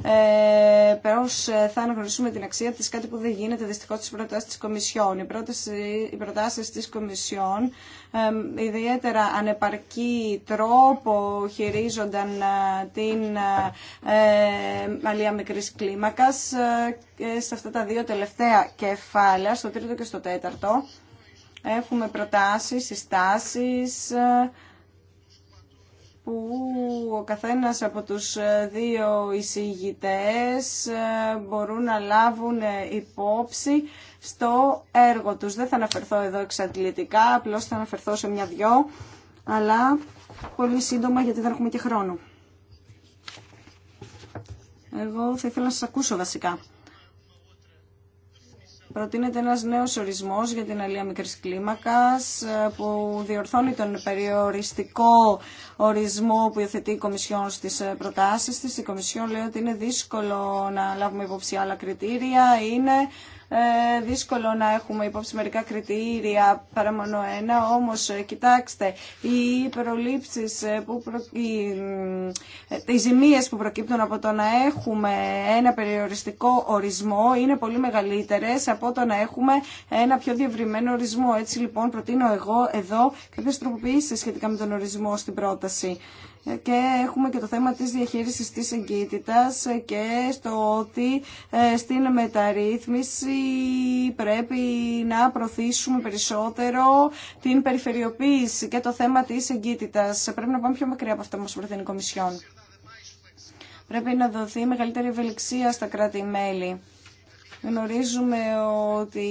ε, πώς ε, θα αναγνωρίσουμε την αξία της, κάτι που δεν γίνεται δυστυχώς στις προτάσεις της Κομισιόν. Οι, οι προτάσεις της Κομισιόν ιδιαίτερα ανεπαρκή τρόπο χειρίζονταν ε, την ε, ε, αλία μικρής κλίμακας σε αυτά τα δύο τελευταία κεφάλαια, στο τρίτο και στο τέταρτο, έχουμε προτάσεις, συστάσεις που ο καθένας από τους δύο εισηγητές μπορούν να λάβουν υπόψη στο έργο τους. Δεν θα αναφερθώ εδώ εξαντλητικά, απλώς θα αναφερθώ σε μια-δυο, αλλά πολύ σύντομα γιατί δεν έχουμε και χρόνο. Εγώ θα ήθελα να σας ακούσω βασικά. Προτείνεται ένας νέος ορισμός για την αλία μικρής κλίμακας ε, που διορθώνει τον περιοριστικό ορισμό που υιοθετεί η Κομισιόν στις ε, προτάσεις της. Η Κομισιόν λέει ότι είναι δύσκολο να λάβουμε υπόψη άλλα κριτήρια. Είναι ε, δύσκολο να έχουμε υπόψη μερικά κριτήρια παρά μόνο ένα, όμως ε, κοιτάξτε, οι ε, που προ... οι... οι που προκύπτουν από το να έχουμε ένα περιοριστικό ορισμό είναι πολύ μεγαλύτερες από το να έχουμε ένα πιο διευρυμένο ορισμό. Έτσι λοιπόν προτείνω εγώ εδώ κάποιε τροποποιήσει σχετικά με τον ορισμό στην πρόταση και έχουμε και το θέμα της διαχείρισης της εγκύτητας και στο ότι ε, στην μεταρρύθμιση πρέπει να προωθήσουμε περισσότερο την περιφερειοποίηση και το θέμα της εγκύτητας. Πρέπει να πάμε πιο μακριά από αυτό μας προτείνει η Πρέπει να δοθεί μεγαλύτερη ευελιξία στα κράτη-μέλη Γνωρίζουμε ότι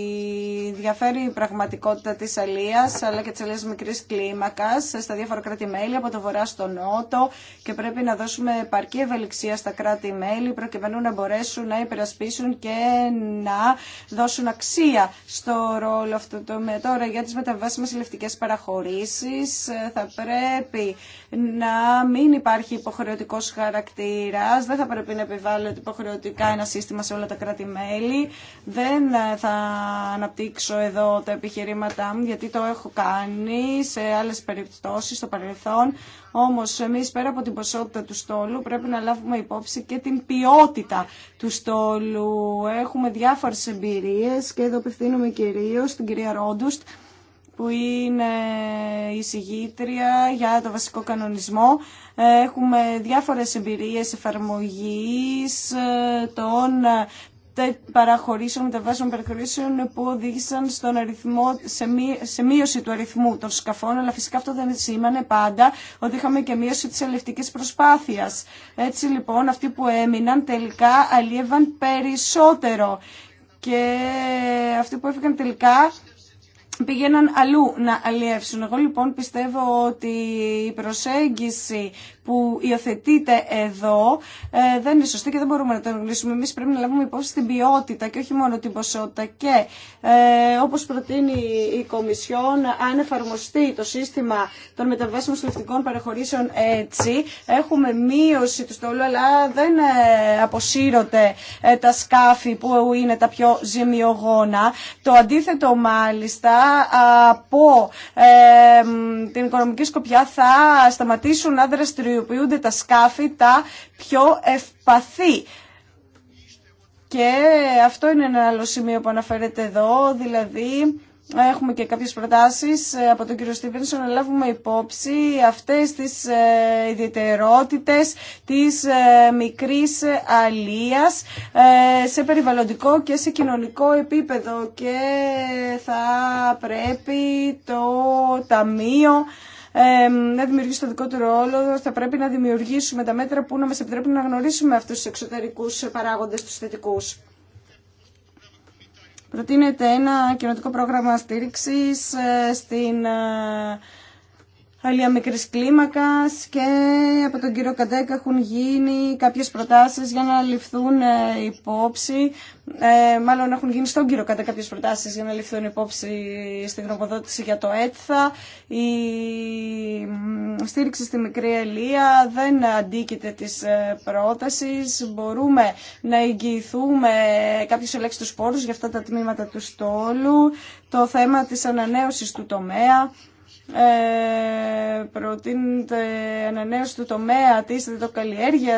διαφέρει η πραγματικότητα τη αλίας αλλά και τη Αλία μικρή κλίμακα στα διάφορα κράτη-μέλη από το βορρά στο νότο και πρέπει να δώσουμε επαρκή ευελιξία στα κράτη-μέλη προκειμένου να μπορέσουν να υπερασπίσουν και να δώσουν αξία στο ρόλο αυτό το με τώρα για τις μεταβάσιμε ελευτικές παραχωρήσεις θα πρέπει να μην υπάρχει υποχρεωτικό χαρακτήρα, δεν θα πρέπει να επιβάλλεται υποχρεωτικά ένα σύστημα σε όλα τα κράτη-μέλη δεν ε, θα αναπτύξω εδώ τα επιχειρήματά μου γιατί το έχω κάνει σε άλλες περιπτώσεις στο παρελθόν. Όμως εμείς πέρα από την ποσότητα του στόλου πρέπει να λάβουμε υπόψη και την ποιότητα του στόλου. Έχουμε διάφορες εμπειρίες και εδώ απευθύνουμε κυρίως την κυρία Ρόντουστ που είναι η συγγήτρια για το βασικό κανονισμό. Έχουμε διάφορες εμπειρίες εφαρμογής ε, των παραχωρήσεων, μεταβάσεων παραχωρήσεων που οδήγησαν στον αριθμό, σε, σε, μείωση του αριθμού των σκαφών, αλλά φυσικά αυτό δεν σήμανε πάντα ότι είχαμε και μείωση της ελευτικής προσπάθειας. Έτσι λοιπόν αυτοί που έμειναν τελικά αλλιέυαν περισσότερο και αυτοί που έφυγαν τελικά πήγαιναν αλλού να αλλιεύσουν. Εγώ λοιπόν πιστεύω ότι η προσέγγιση που υιοθετείται εδώ ε, δεν είναι σωστή και δεν μπορούμε να το εγγλήσουμε. Εμείς πρέπει να λάβουμε υπόψη στην ποιότητα και όχι μόνο την ποσότητα. Και ε, όπως προτείνει η Κομισιόν, αν εφαρμοστεί το σύστημα των μεταβάσιμων συλλεκτικών παραχωρήσεων έτσι, έχουμε μείωση του στόλου, αλλά δεν ε, αποσύρονται ε, τα σκάφη που είναι τα πιο ζημιογόνα. Το αντίθετο μάλιστα από την οικονομική σκοπιά θα σταματήσουν να δραστηριοποιούνται τα σκάφη τα πιο ευπαθή. Και αυτό είναι ένα άλλο σημείο που αναφέρεται εδώ, δηλαδή Έχουμε και κάποιες προτάσεις ε, από τον κύριο Στίβενσον να λάβουμε υπόψη αυτές τις ε, ιδιαιτερότητες της ε, μικρής αλίας σε περιβαλλοντικό και σε κοινωνικό επίπεδο και θα πρέπει το Ταμείο να δημιουργήσει το δικό του ρόλο, θα πρέπει να δημιουργήσουμε τα μέτρα που να μας επιτρέπουν να γνωρίσουμε αυτούς τους εξωτερικούς παράγοντες, τους θετικούς προτείνεται ένα κοινοτικό πρόγραμμα στήριξης ε, στην ε, αλία μικρή κλίμακα και από τον κύριο Καντέκα έχουν γίνει κάποιε προτάσει για να ληφθούν ε, υπόψη, ε, μάλλον έχουν γίνει στον κύριο Καντέκα κάποιε προτάσει για να ληφθούν υπόψη στην γνωμοδότηση για το ΕΤΘΑ. Η στήριξη στη μικρή Ελία δεν αντίκειται της ε, πρόταση Μπορούμε να εγγυηθούμε κάποιου ελέξεις τους πόρους για αυτά τα τμήματα του στόλου, το θέμα της ανανέωση του τομέα ε, προτείνεται ανανέωση του τομέα τη διδοκαλλιέργεια.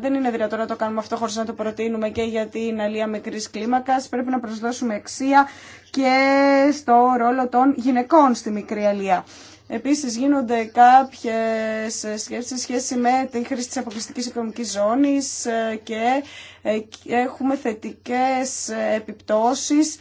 Δεν είναι δυνατόν να το κάνουμε αυτό χωρί να το προτείνουμε και για την αλία μικρή κλίμακα. Πρέπει να προσδώσουμε αξία και στο ρόλο των γυναικών στη μικρή αλία. Επίσης γίνονται κάποιες σκέψεις σχέση με την χρήση τη αποκλειστική οικονομική ζώνης ε, ε, και έχουμε θετικές επιπτώσεις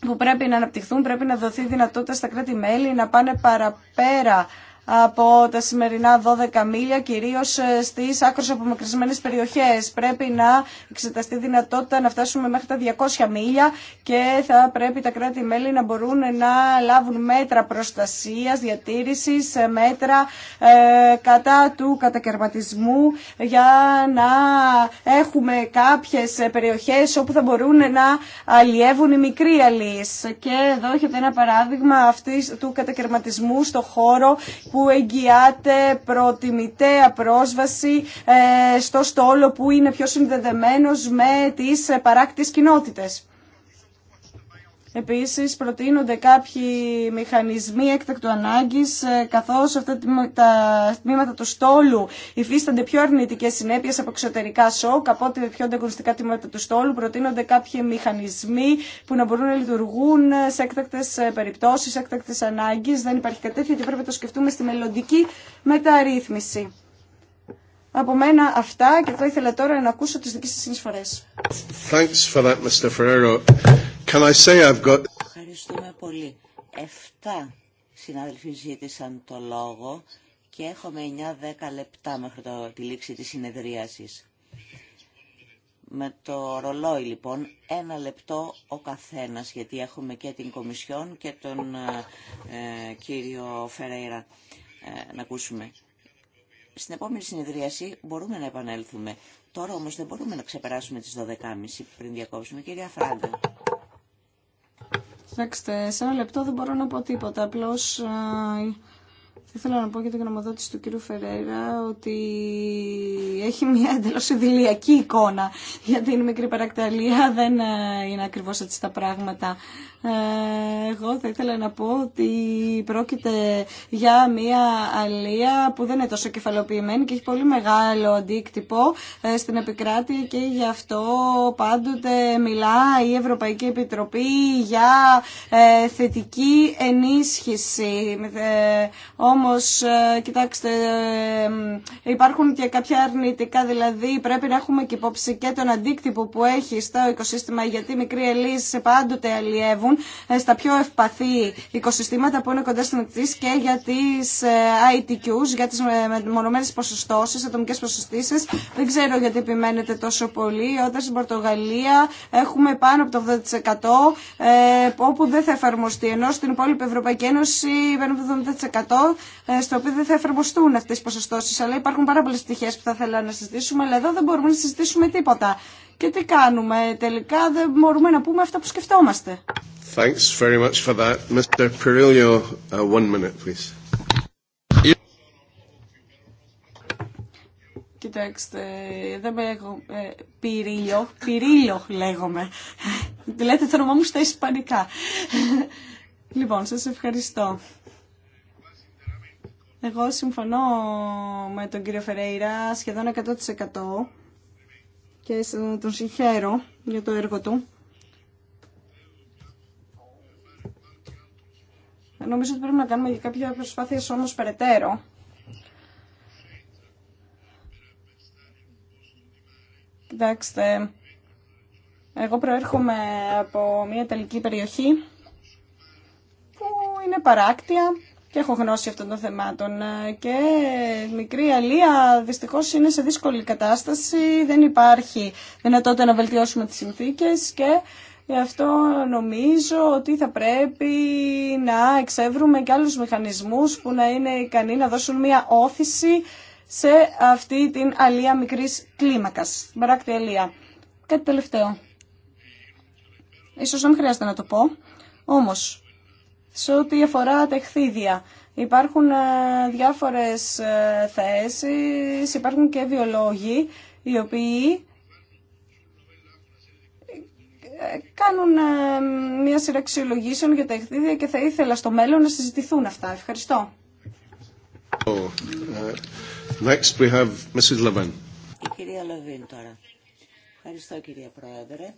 που πρέπει να αναπτυχθούν, πρέπει να δοθεί δυνατότητα στα κράτη-μέλη να πάνε παραπέρα από τα σημερινά 12 μίλια, κυρίως ε, στις άκρως απομακρυσμένε περιοχές. Πρέπει να εξεταστεί δυνατότητα να φτάσουμε μέχρι τα 200 μίλια και θα πρέπει τα κράτη-μέλη να μπορούν να λάβουν μέτρα προστασίας, διατήρησης, ε, μέτρα ε, κατά του κατακαιρματισμού για να έχουμε κάποιες περιοχές όπου θα μπορούν να αλλιεύουν οι μικροί αλλοί. Και εδώ έχετε ένα παράδειγμα αυτής του κατακαιρματισμού στο χώρο που εγγυάται προτιμητέα πρόσβαση ε, στο στόλο που είναι πιο συνδεδεμένος με τις ε, παράκτης κοινότητες. Επίσης προτείνονται κάποιοι μηχανισμοί έκτακτου ανάγκης ε, καθώς αυτά τα τμήματα του στόλου υφίστανται πιο αρνητικές συνέπειες από εξωτερικά σοκ από ό,τι πιο ανταγωνιστικά τμήματα του στόλου προτείνονται κάποιοι μηχανισμοί που να μπορούν να λειτουργούν σε έκτακτες ε, περιπτώσεις, σε έκτακτες Δεν υπάρχει κατέφυγη και πρέπει να το σκεφτούμε στη μελλοντική μεταρρύθμιση. Από μένα αυτά και θα ήθελα τώρα να ακούσω τις δικές σας συνεισφορές. Can I say I've got... Ευχαριστούμε πολύ. Εφτά συνάδελφοι ζήτησαν το λόγο και έχουμε 9-10 λεπτά μέχρι το, τη λήξη της συνεδρίασης. Με το ρολόι λοιπόν, ένα λεπτό ο καθένας, γιατί έχουμε και την Κομισιόν και τον ε, ε, κύριο Φερέιρα ε, να ακούσουμε. Στην επόμενη συνεδρίαση μπορούμε να επανέλθουμε. Τώρα όμως δεν μπορούμε να ξεπεράσουμε τις 12.30 πριν διακόψουμε. Κυρία Φράγκα. Κοιτάξτε, σε ένα λεπτό δεν μπορώ να πω τίποτα. Απλώ Ήθελα να πω για την γνωμοδότηση του κύριου Φεραίρα ότι έχει μια εντελώ ειδηλιακή εικόνα για την μικρή παρακταλία. Δεν ε, είναι ακριβώ έτσι τα πράγματα. Ε, εγώ θα ήθελα να πω ότι πρόκειται για μια αλεία που δεν είναι τόσο κεφαλοποιημένη και έχει πολύ μεγάλο αντίκτυπο ε, στην επικράτεια και γι' αυτό πάντοτε μιλά η Ευρωπαϊκή Επιτροπή για θετική ενίσχυση όμως, ε, κοιτάξτε, ε, υπάρχουν και κάποια αρνητικά, δηλαδή πρέπει να έχουμε και υπόψη και τον αντίκτυπο που έχει στο οικοσύστημα, γιατί οι μικροί ελίες πάντοτε αλλιεύουν ε, στα πιο ευπαθή οικοσυστήματα που είναι κοντά στην εκτήση και για τις ITQs, για τις μονομένες ποσοστώσεις, ατομικές ποσοστήσεις. Δεν ξέρω γιατί επιμένετε τόσο πολύ. Όταν στην Πορτογαλία έχουμε πάνω από το 80% όπου δεν θα εφαρμοστεί, ενώ στην υπόλοιπη Ευρωπαϊκή Ένωση πάνω το 70% ε, στο οποίο δεν θα εφαρμοστούν αυτέ τι ποσοστώσει. Αλλά υπάρχουν πάρα πολλέ πτυχέ που θα θέλαμε να συζητήσουμε, αλλά εδώ δεν μπορούμε να συζητήσουμε τίποτα. Και τι κάνουμε, τελικά δεν μπορούμε να πούμε αυτά που σκεφτόμαστε. Thanks very much for that. Mr. Uh, one minute, please. Κοιτάξτε, δεν με έχω... Ε, πυρίλιο, πυρίλιο λέγομαι. Λέτε το όνομά μου στα ισπανικά. λοιπόν, σας ευχαριστώ. Εγώ συμφωνώ με τον κύριο Φερέιρα σχεδόν 100% και τον συγχαίρω για το έργο του. Νομίζω ότι πρέπει να κάνουμε κάποια προσπάθεια όμως περαιτέρω. Κοιτάξτε, εγώ προέρχομαι από μια τελική περιοχή που είναι παράκτια και έχω γνώση αυτών των θεμάτων. Ε, και μικρή αλία Δυστυχώ είναι σε δύσκολη κατάσταση, δεν υπάρχει δυνατότητα να βελτιώσουμε τις συνθήκες και Γι' αυτό νομίζω ότι θα πρέπει να εξεύρουμε και άλλου μηχανισμούς που να είναι ικανοί να δώσουν μια όθηση σε αυτή την αλία μικρής κλίμακας, Μπαράκτη αλία. Κάτι τελευταίο. Ίσως δεν χρειάζεται να το πω, όμως σε ό,τι αφορά τα εχθίδια. Υπάρχουν ε, διάφορες ε, θέσεις, υπάρχουν και βιολόγοι οι οποίοι ε, κάνουν μια σειρά αξιολογήσεων για τα εχθίδια και θα ήθελα στο μέλλον να συζητηθούν αυτά. Ευχαριστώ. Oh, uh, next we have Mrs. κυρία τώρα. Ευχαριστώ κυρία Πρόεδρε.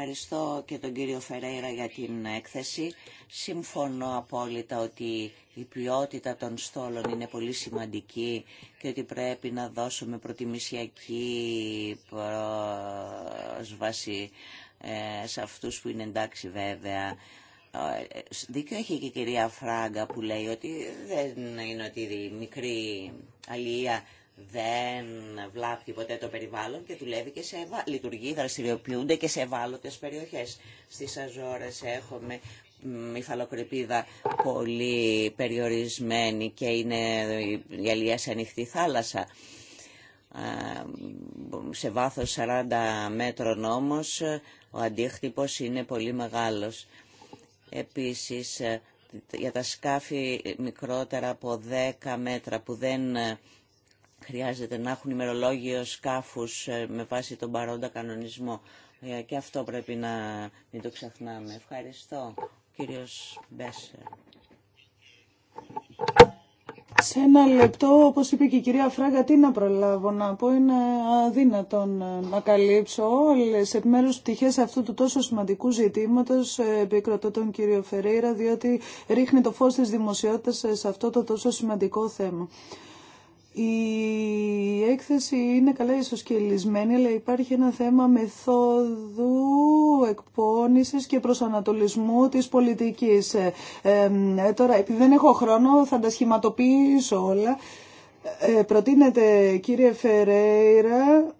Ευχαριστώ και τον κύριο Φερέιρα για την έκθεση. Συμφωνώ απόλυτα ότι η ποιότητα των στόλων είναι πολύ σημαντική και ότι πρέπει να δώσουμε προτιμησιακή πρόσβαση ε, σε αυτούς που είναι εντάξει βέβαια. Ε, δίκιο έχει και η κυρία Φράγκα που λέει ότι δεν είναι ότι η μικρή αλληλεία δεν βλάπτει ποτέ το περιβάλλον και δουλεύει και σε ευα... λειτουργεί, δραστηριοποιούνται και σε ευάλωτες περιοχές. Στις Αζόρες έχουμε υφαλοκρηπίδα πολύ περιορισμένη και είναι η αλληλιά σε ανοιχτή θάλασσα. Σε βάθος 40 μέτρων όμως ο αντίχτυπος είναι πολύ μεγάλος. Επίσης ε, για τα σκάφη μικρότερα από 10 μέτρα που δεν χρειάζεται να έχουν ημερολόγιο σκάφους ε, με βάση τον παρόντα κανονισμό. Ε, και αυτό πρέπει να μην το ξεχνάμε. Ευχαριστώ, κύριος Μπέσσερ. Σε ένα λεπτό, όπως είπε και η κυρία Φράγκα, τι να προλάβω να πω, είναι αδύνατον ε, να καλύψω όλες επιμέρους πτυχές αυτού του τόσο σημαντικού ζητήματος, επικροτώ τον κύριο Φερέιρα, διότι ρίχνει το φως της δημοσιότητας σε αυτό το τόσο σημαντικό θέμα. Η έκθεση είναι καλά ισοσκελισμένη, αλλά υπάρχει ένα θέμα μεθόδου εκπόνησης και προσανατολισμού της πολιτικής. Ε, ε τώρα, επειδή δεν έχω χρόνο, θα τα σχηματοποιήσω όλα. Ε, προτείνεται, κύριε Φερέιρα,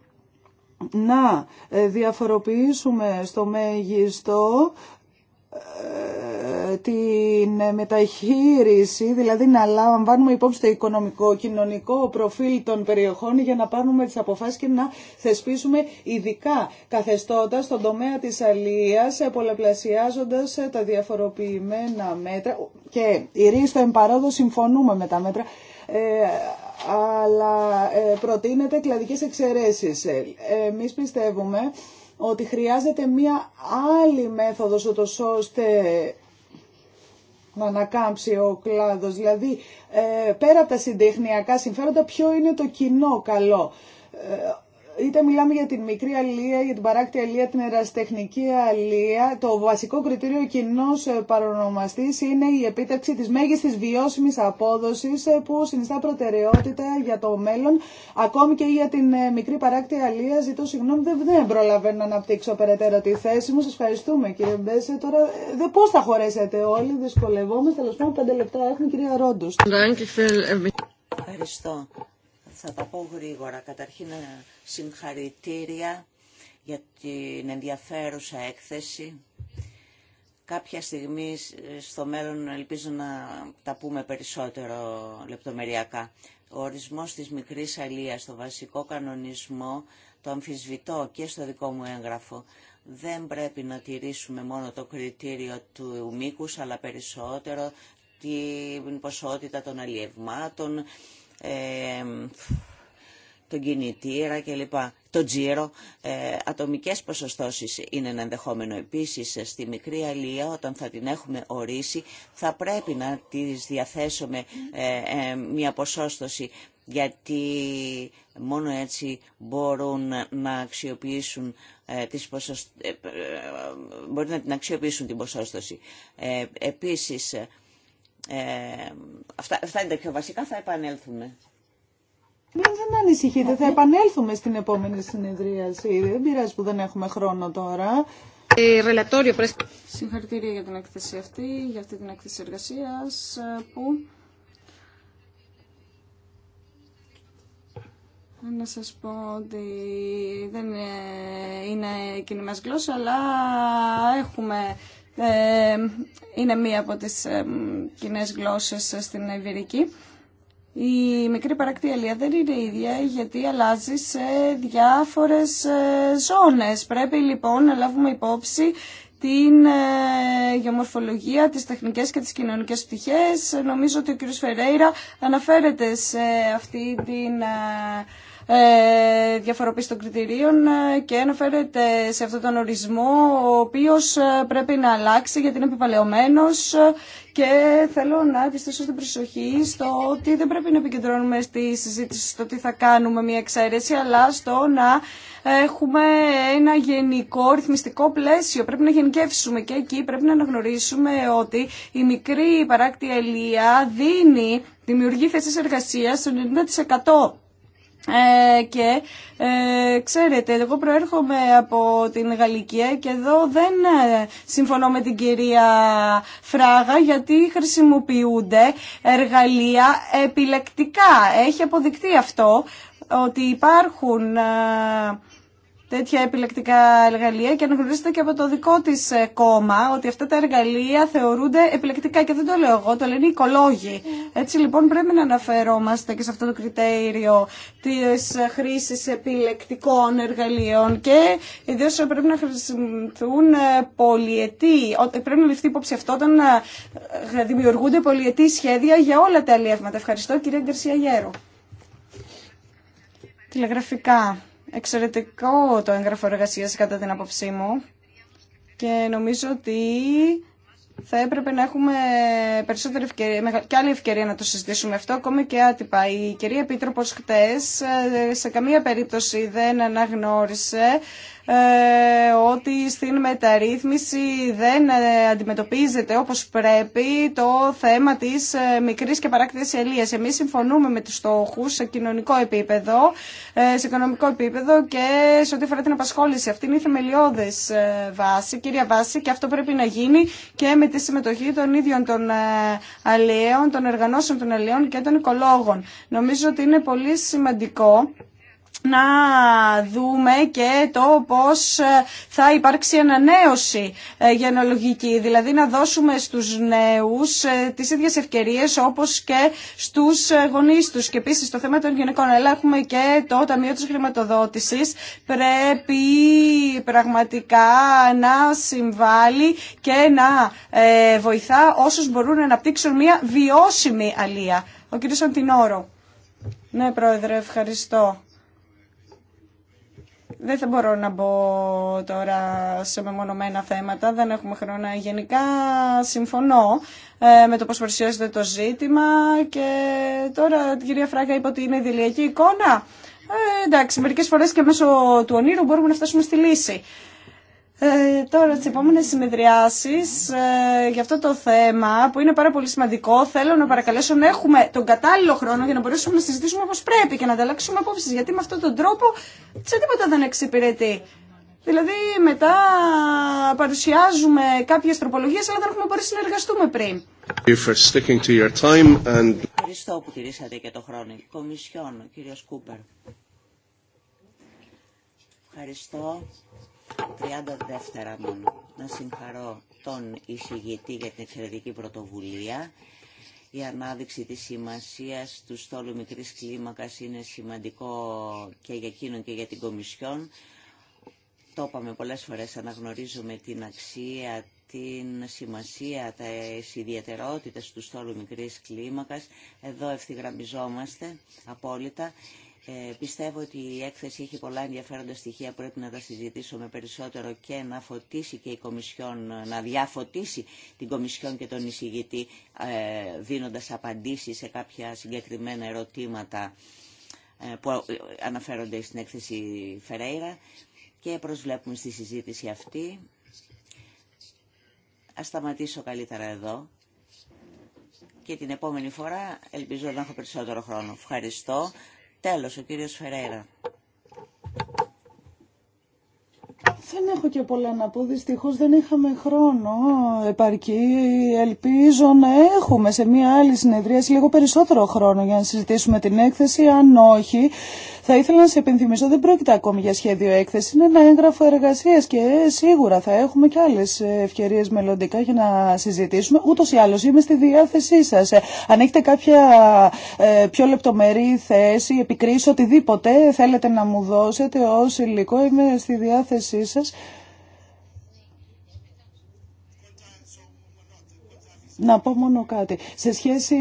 να ε, διαφοροποιήσουμε στο μέγιστο ε, την μεταχείριση, δηλαδή να λαμβάνουμε υπόψη το οικονομικό, κοινωνικό προφίλ των περιοχών για να πάρουμε τις αποφάσεις και να θεσπίσουμε ειδικά καθεστώτα στον τομέα της αλίας, πολλαπλασιάζοντας τα διαφοροποιημένα μέτρα και η Ρίστο εμπαρόδο συμφωνούμε με τα μέτρα, ε, αλλά ε, προτείνεται κλαδικές εξαιρέσεις. Ε, εμείς πιστεύουμε ότι χρειάζεται μία άλλη μέθοδος ώστε να ανακάμψει ο κλάδος. Δηλαδή, ε, πέρα από τα συντεχνιακά συμφέροντα, ποιο είναι το κοινό καλό ε, είτε μιλάμε για την μικρή αλία, για την παράκτη αλία, την εραστεχνική αλία, το βασικό κριτήριο κοινό ε, παρονομαστή είναι η επίτευξη τη μέγιστη βιώσιμη απόδοση ε, που συνιστά προτεραιότητα για το μέλλον. Ακόμη και για την ε, μικρή παράκτη αλία, ζητώ συγγνώμη, δεν, δεν προλαβαίνω να αναπτύξω περαιτέρω τη θέση μου. Σα ευχαριστούμε κύριε Μπέσε. Τώρα δε πώ θα χωρέσετε όλοι, δυσκολευόμαστε. Τέλο πάντων, πέντε λεπτά έχουμε κυρία Ρόντου. Ευχαριστώ. Θα τα πω γρήγορα. Καταρχήν ε, συγχαρητήρια για την ενδιαφέρουσα έκθεση. Κάποια στιγμή ε, στο μέλλον ελπίζω να τα πούμε περισσότερο λεπτομεριακά. Ο ορισμός της μικρής αλίας στο βασικό κανονισμό το αμφισβητώ και στο δικό μου έγγραφο. Δεν πρέπει να τηρήσουμε μόνο το κριτήριο του μήκους, αλλά περισσότερο την ποσότητα των αλλιευμάτων, τον κινητήρα κλπ. Το τζίρο, ε, ατομικές ποσοστώσεις είναι ένα ενδεχόμενο. Επίσης, στη μικρή αλία, όταν θα την έχουμε ορίσει, θα πρέπει να της διαθέσουμε μια ποσόστοση, γιατί μόνο έτσι μπορούν να αξιοποιήσουν τις μπορεί να την αξιοποιήσουν την ποσόστοση. Επίσης, ε, αυτά, αυτά είναι τα πιο βασικά, θα επανέλθουμε. Δεν ανησυχείτε, θα επανέλθουμε στην επόμενη συνεδρίαση. Δεν πειράζει που δεν έχουμε χρόνο τώρα. Ε, Συγχαρητήρια για την έκθεση αυτή, για αυτή την έκθεση εργασία ε, που... Να σας πω ότι δεν είναι κοινή μας γλώσσα, αλλά έχουμε είναι μία από τις κοινέ γλώσσες στην Ιβηρική. Η μικρή παρακτή αλία δεν είναι ίδια γιατί αλλάζει σε διάφορες ε, ζώνες. Πρέπει λοιπόν να λάβουμε υπόψη την ε, γεωμορφολογία, τις τεχνικές και τις κοινωνικές πτυχές. Νομίζω ότι ο κ. Φερέιρα αναφέρεται σε αυτή την ε, ε, διαφοροποίηση των κριτηρίων ε, και αναφέρεται σε αυτόν τον ορισμό ο οποίος ε, πρέπει να αλλάξει γιατί είναι επιβαλαιωμένος και θέλω να επιστήσω την προσοχή στο ότι δεν πρέπει να επικεντρώνουμε στη συζήτηση στο τι θα κάνουμε μια εξαίρεση αλλά στο να έχουμε ένα γενικό ρυθμιστικό πλαίσιο. Πρέπει να γενικεύσουμε και εκεί πρέπει να αναγνωρίσουμε ότι η μικρή παράκτη ελία e δίνει, δημιουργεί θέσεις εργασίας στο 90% ε, και ε, ξέρετε, εγώ προέρχομαι από την Γαλλική και εδώ δεν ε, συμφωνώ με την κυρία Φράγα γιατί χρησιμοποιούνται εργαλεία επιλεκτικά. Έχει αποδεικτεί αυτό ότι υπάρχουν... Ε, τέτοια επιλεκτικά εργαλεία και αναγνωρίζεται και από το δικό τη ε, κόμμα ότι αυτά τα εργαλεία θεωρούνται επιλεκτικά και δεν το λέω εγώ, το λένε οι οικολόγοι. Ναι. Έτσι λοιπόν πρέπει να αναφερόμαστε και σε αυτό το κριτήριο τη χρήση επιλεκτικών εργαλείων και ιδίω πρέπει να χρησιμοποιηθούν ε, πολιετοί. πρέπει να ληφθεί υπόψη αυτό όταν ε, δημιουργούνται πολιετοί σχέδια για όλα τα αλλιεύματα. Ευχαριστώ κυρία Γκαρσία Γέρο. Τηλεγραφικά. Εξαιρετικό το έγγραφο εργασία κατά την άποψή μου και νομίζω ότι θα έπρεπε να έχουμε περισσότερη ευκαιρία και άλλη ευκαιρία να το συζητήσουμε αυτό, ακόμη και άτυπα. Η κυρία Επίτροπος χτες ε, σε καμία περίπτωση δεν αναγνώρισε ε, ότι στην μεταρρύθμιση δεν ε, αντιμετωπίζεται όπως πρέπει το θέμα της ε, μικρής και παράκτητης ελίας. Εμείς συμφωνούμε με τους στόχους σε κοινωνικό επίπεδο, σε οικονομικό επίπεδο και σε ό,τι αφορά την απασχόληση. Αυτή είναι η θεμελιώδης βάση, κυρία βάση και αυτό πρέπει να γίνει και με τη συμμετοχή των ίδιων των αλλιέων, των εργανώσεων των αλλιέων και των οικολόγων. Νομίζω ότι είναι πολύ σημαντικό να δούμε και το πώς ε, θα υπάρξει ανανέωση ε, γενολογική, δηλαδή να δώσουμε στους νέους ε, τις ίδιες ευκαιρίες όπως και στους γονείς τους. Και επίση το θέμα των γυναικών, αλλά έχουμε και το Ταμείο της Χρηματοδότησης, πρέπει πραγματικά να συμβάλλει και να βοηθά όσους μπορούν να αναπτύξουν μια βιώσιμη αλία. Ο κ. Αντινόρο. Ναι, Πρόεδρε, ευχαριστώ δεν θα μπορώ να μπω τώρα σε μεμονωμένα θέματα, δεν έχουμε χρόνο. Γενικά συμφωνώ ε, με το πώς παρουσιάζεται το ζήτημα και τώρα η κυρία Φράγκα είπε ότι είναι δηλιακή εικόνα. Ε, εντάξει, μερικές φορές και μέσω του ονείρου μπορούμε να φτάσουμε στη λύση. Ε, τώρα τι επόμενε συνεδριάσει ε, για αυτό το θέμα που είναι πάρα πολύ σημαντικό θέλω να παρακαλέσω να έχουμε τον κατάλληλο χρόνο για να μπορέσουμε να συζητήσουμε όπω πρέπει και να ανταλλάξουμε απόψει, γιατί με αυτόν τον τρόπο σε τίποτα δεν εξυπηρετεί. Δηλαδή μετά παρουσιάζουμε κάποιες τροπολογίες αλλά δεν έχουμε μπορέσει να εργαστούμε πριν. Ευχαριστώ που τηρήσατε και το χρόνο. Κομισιόν, κύριο Κούπερ. Ευχαριστώ. 30 δεύτερα μόνο. Να συγχαρώ τον εισηγητή για την εξαιρετική πρωτοβουλία. Η ανάδειξη της σημασίας του στόλου μικρής κλίμακας είναι σημαντικό και για εκείνον και για την Κομισιόν. Το είπαμε πολλές φορές, αναγνωρίζουμε την αξία, την σημασία, τις ιδιαιτερότητες του στόλου μικρής κλίμακας. Εδώ ευθυγραμμιζόμαστε απόλυτα. Ε, πιστεύω ότι η έκθεση έχει πολλά ενδιαφέροντα στοιχεία, πρέπει να τα συζητήσουμε περισσότερο και να φωτίσει και η Κομισιόν, να διαφωτίσει την Κομισιόν και τον εισηγητή ε, δίνοντας απαντήσεις σε κάποια συγκεκριμένα ερωτήματα ε, που αναφέρονται στην έκθεση Φερέιρα και προσβλέπουμε στη συζήτηση αυτή. Ας σταματήσω καλύτερα εδώ και την επόμενη φορά ελπίζω να έχω περισσότερο χρόνο. Ευχαριστώ. Τέλος, ο κύριος Φεραίρα. Δεν έχω και πολλά να πω. Δυστυχώς δεν είχαμε χρόνο επαρκή. Ελπίζω να έχουμε σε μια άλλη συνεδρίαση λίγο περισσότερο χρόνο για να συζητήσουμε την έκθεση. Αν όχι, θα ήθελα να σε επενθυμίσω, δεν πρόκειται ακόμη για σχέδιο έκθεση, είναι ένα έγγραφο εργασίας και σίγουρα θα έχουμε και άλλες ευκαιρίες μελλοντικά για να συζητήσουμε. Ούτως ή άλλως είμαι στη διάθεσή σας. Αν έχετε κάποια ε, πιο λεπτομερή θέση, επικρίση, οτιδήποτε θέλετε να μου δώσετε ω υλικό, είμαι στη διάθεσή σας σας Να πω μόνο κάτι. Σε σχέση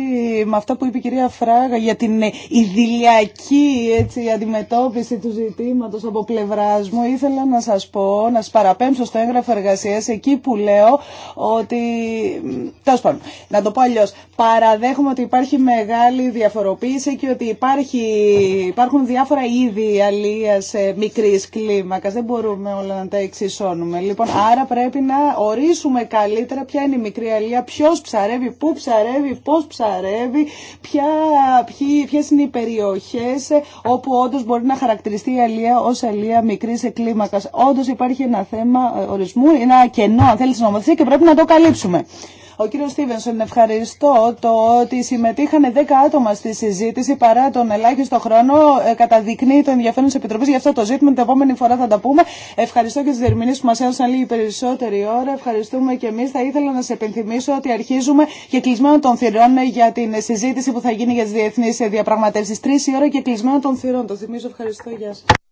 με αυτά που είπε η κυρία Φράγα για την ιδηλιακή έτσι, αντιμετώπιση του ζητήματος από πλευρά. μου, ήθελα να σας πω, να σας παραπέμψω στο έγγραφο εργασίας, εκεί που λέω ότι, τέλος πάντων, να το πω αλλιώ. παραδέχομαι ότι υπάρχει μεγάλη διαφοροποίηση και ότι υπάρχει, υπάρχουν διάφορα είδη αλίας μικρής κλίμακα. Δεν μπορούμε όλα να τα εξισώνουμε. Λοιπόν, άρα πρέπει να ορίσουμε καλύτερα ποια είναι η μικρή αλία, ποιος ψαρεύει, πού ψαρεύει, πώ ψαρεύει, ποια, ποιες είναι οι περιοχέ όπου όντω μπορεί να χαρακτηριστεί η αλία ως αλία μικρή κλίμακας. Όντω υπάρχει ένα θέμα ορισμού, ένα κενό αν θέλει στην νομοθεσία και πρέπει να το καλύψουμε. Ο κύριος Στίβενσον, ευχαριστώ το ότι συμμετείχαν 10 άτομα στη συζήτηση παρά τον ελάχιστο χρόνο. Ε, καταδεικνύει το ενδιαφέρον τη Επιτροπή. Γι' αυτό το ζήτημα την επόμενη φορά θα τα πούμε. Ευχαριστώ και τι διερμηνεί που μα έδωσαν λίγη περισσότερη ώρα. Ευχαριστούμε και εμεί. Θα ήθελα να σα επενθυμίσω ότι αρχίζουμε και κλεισμένο των θυρών για την συζήτηση που θα γίνει για τι διεθνεί διαπραγματεύσει. Τρει η ώρα και κλεισμένο των θυρών. Το θυμίζω. Ευχαριστώ. Γεια σα.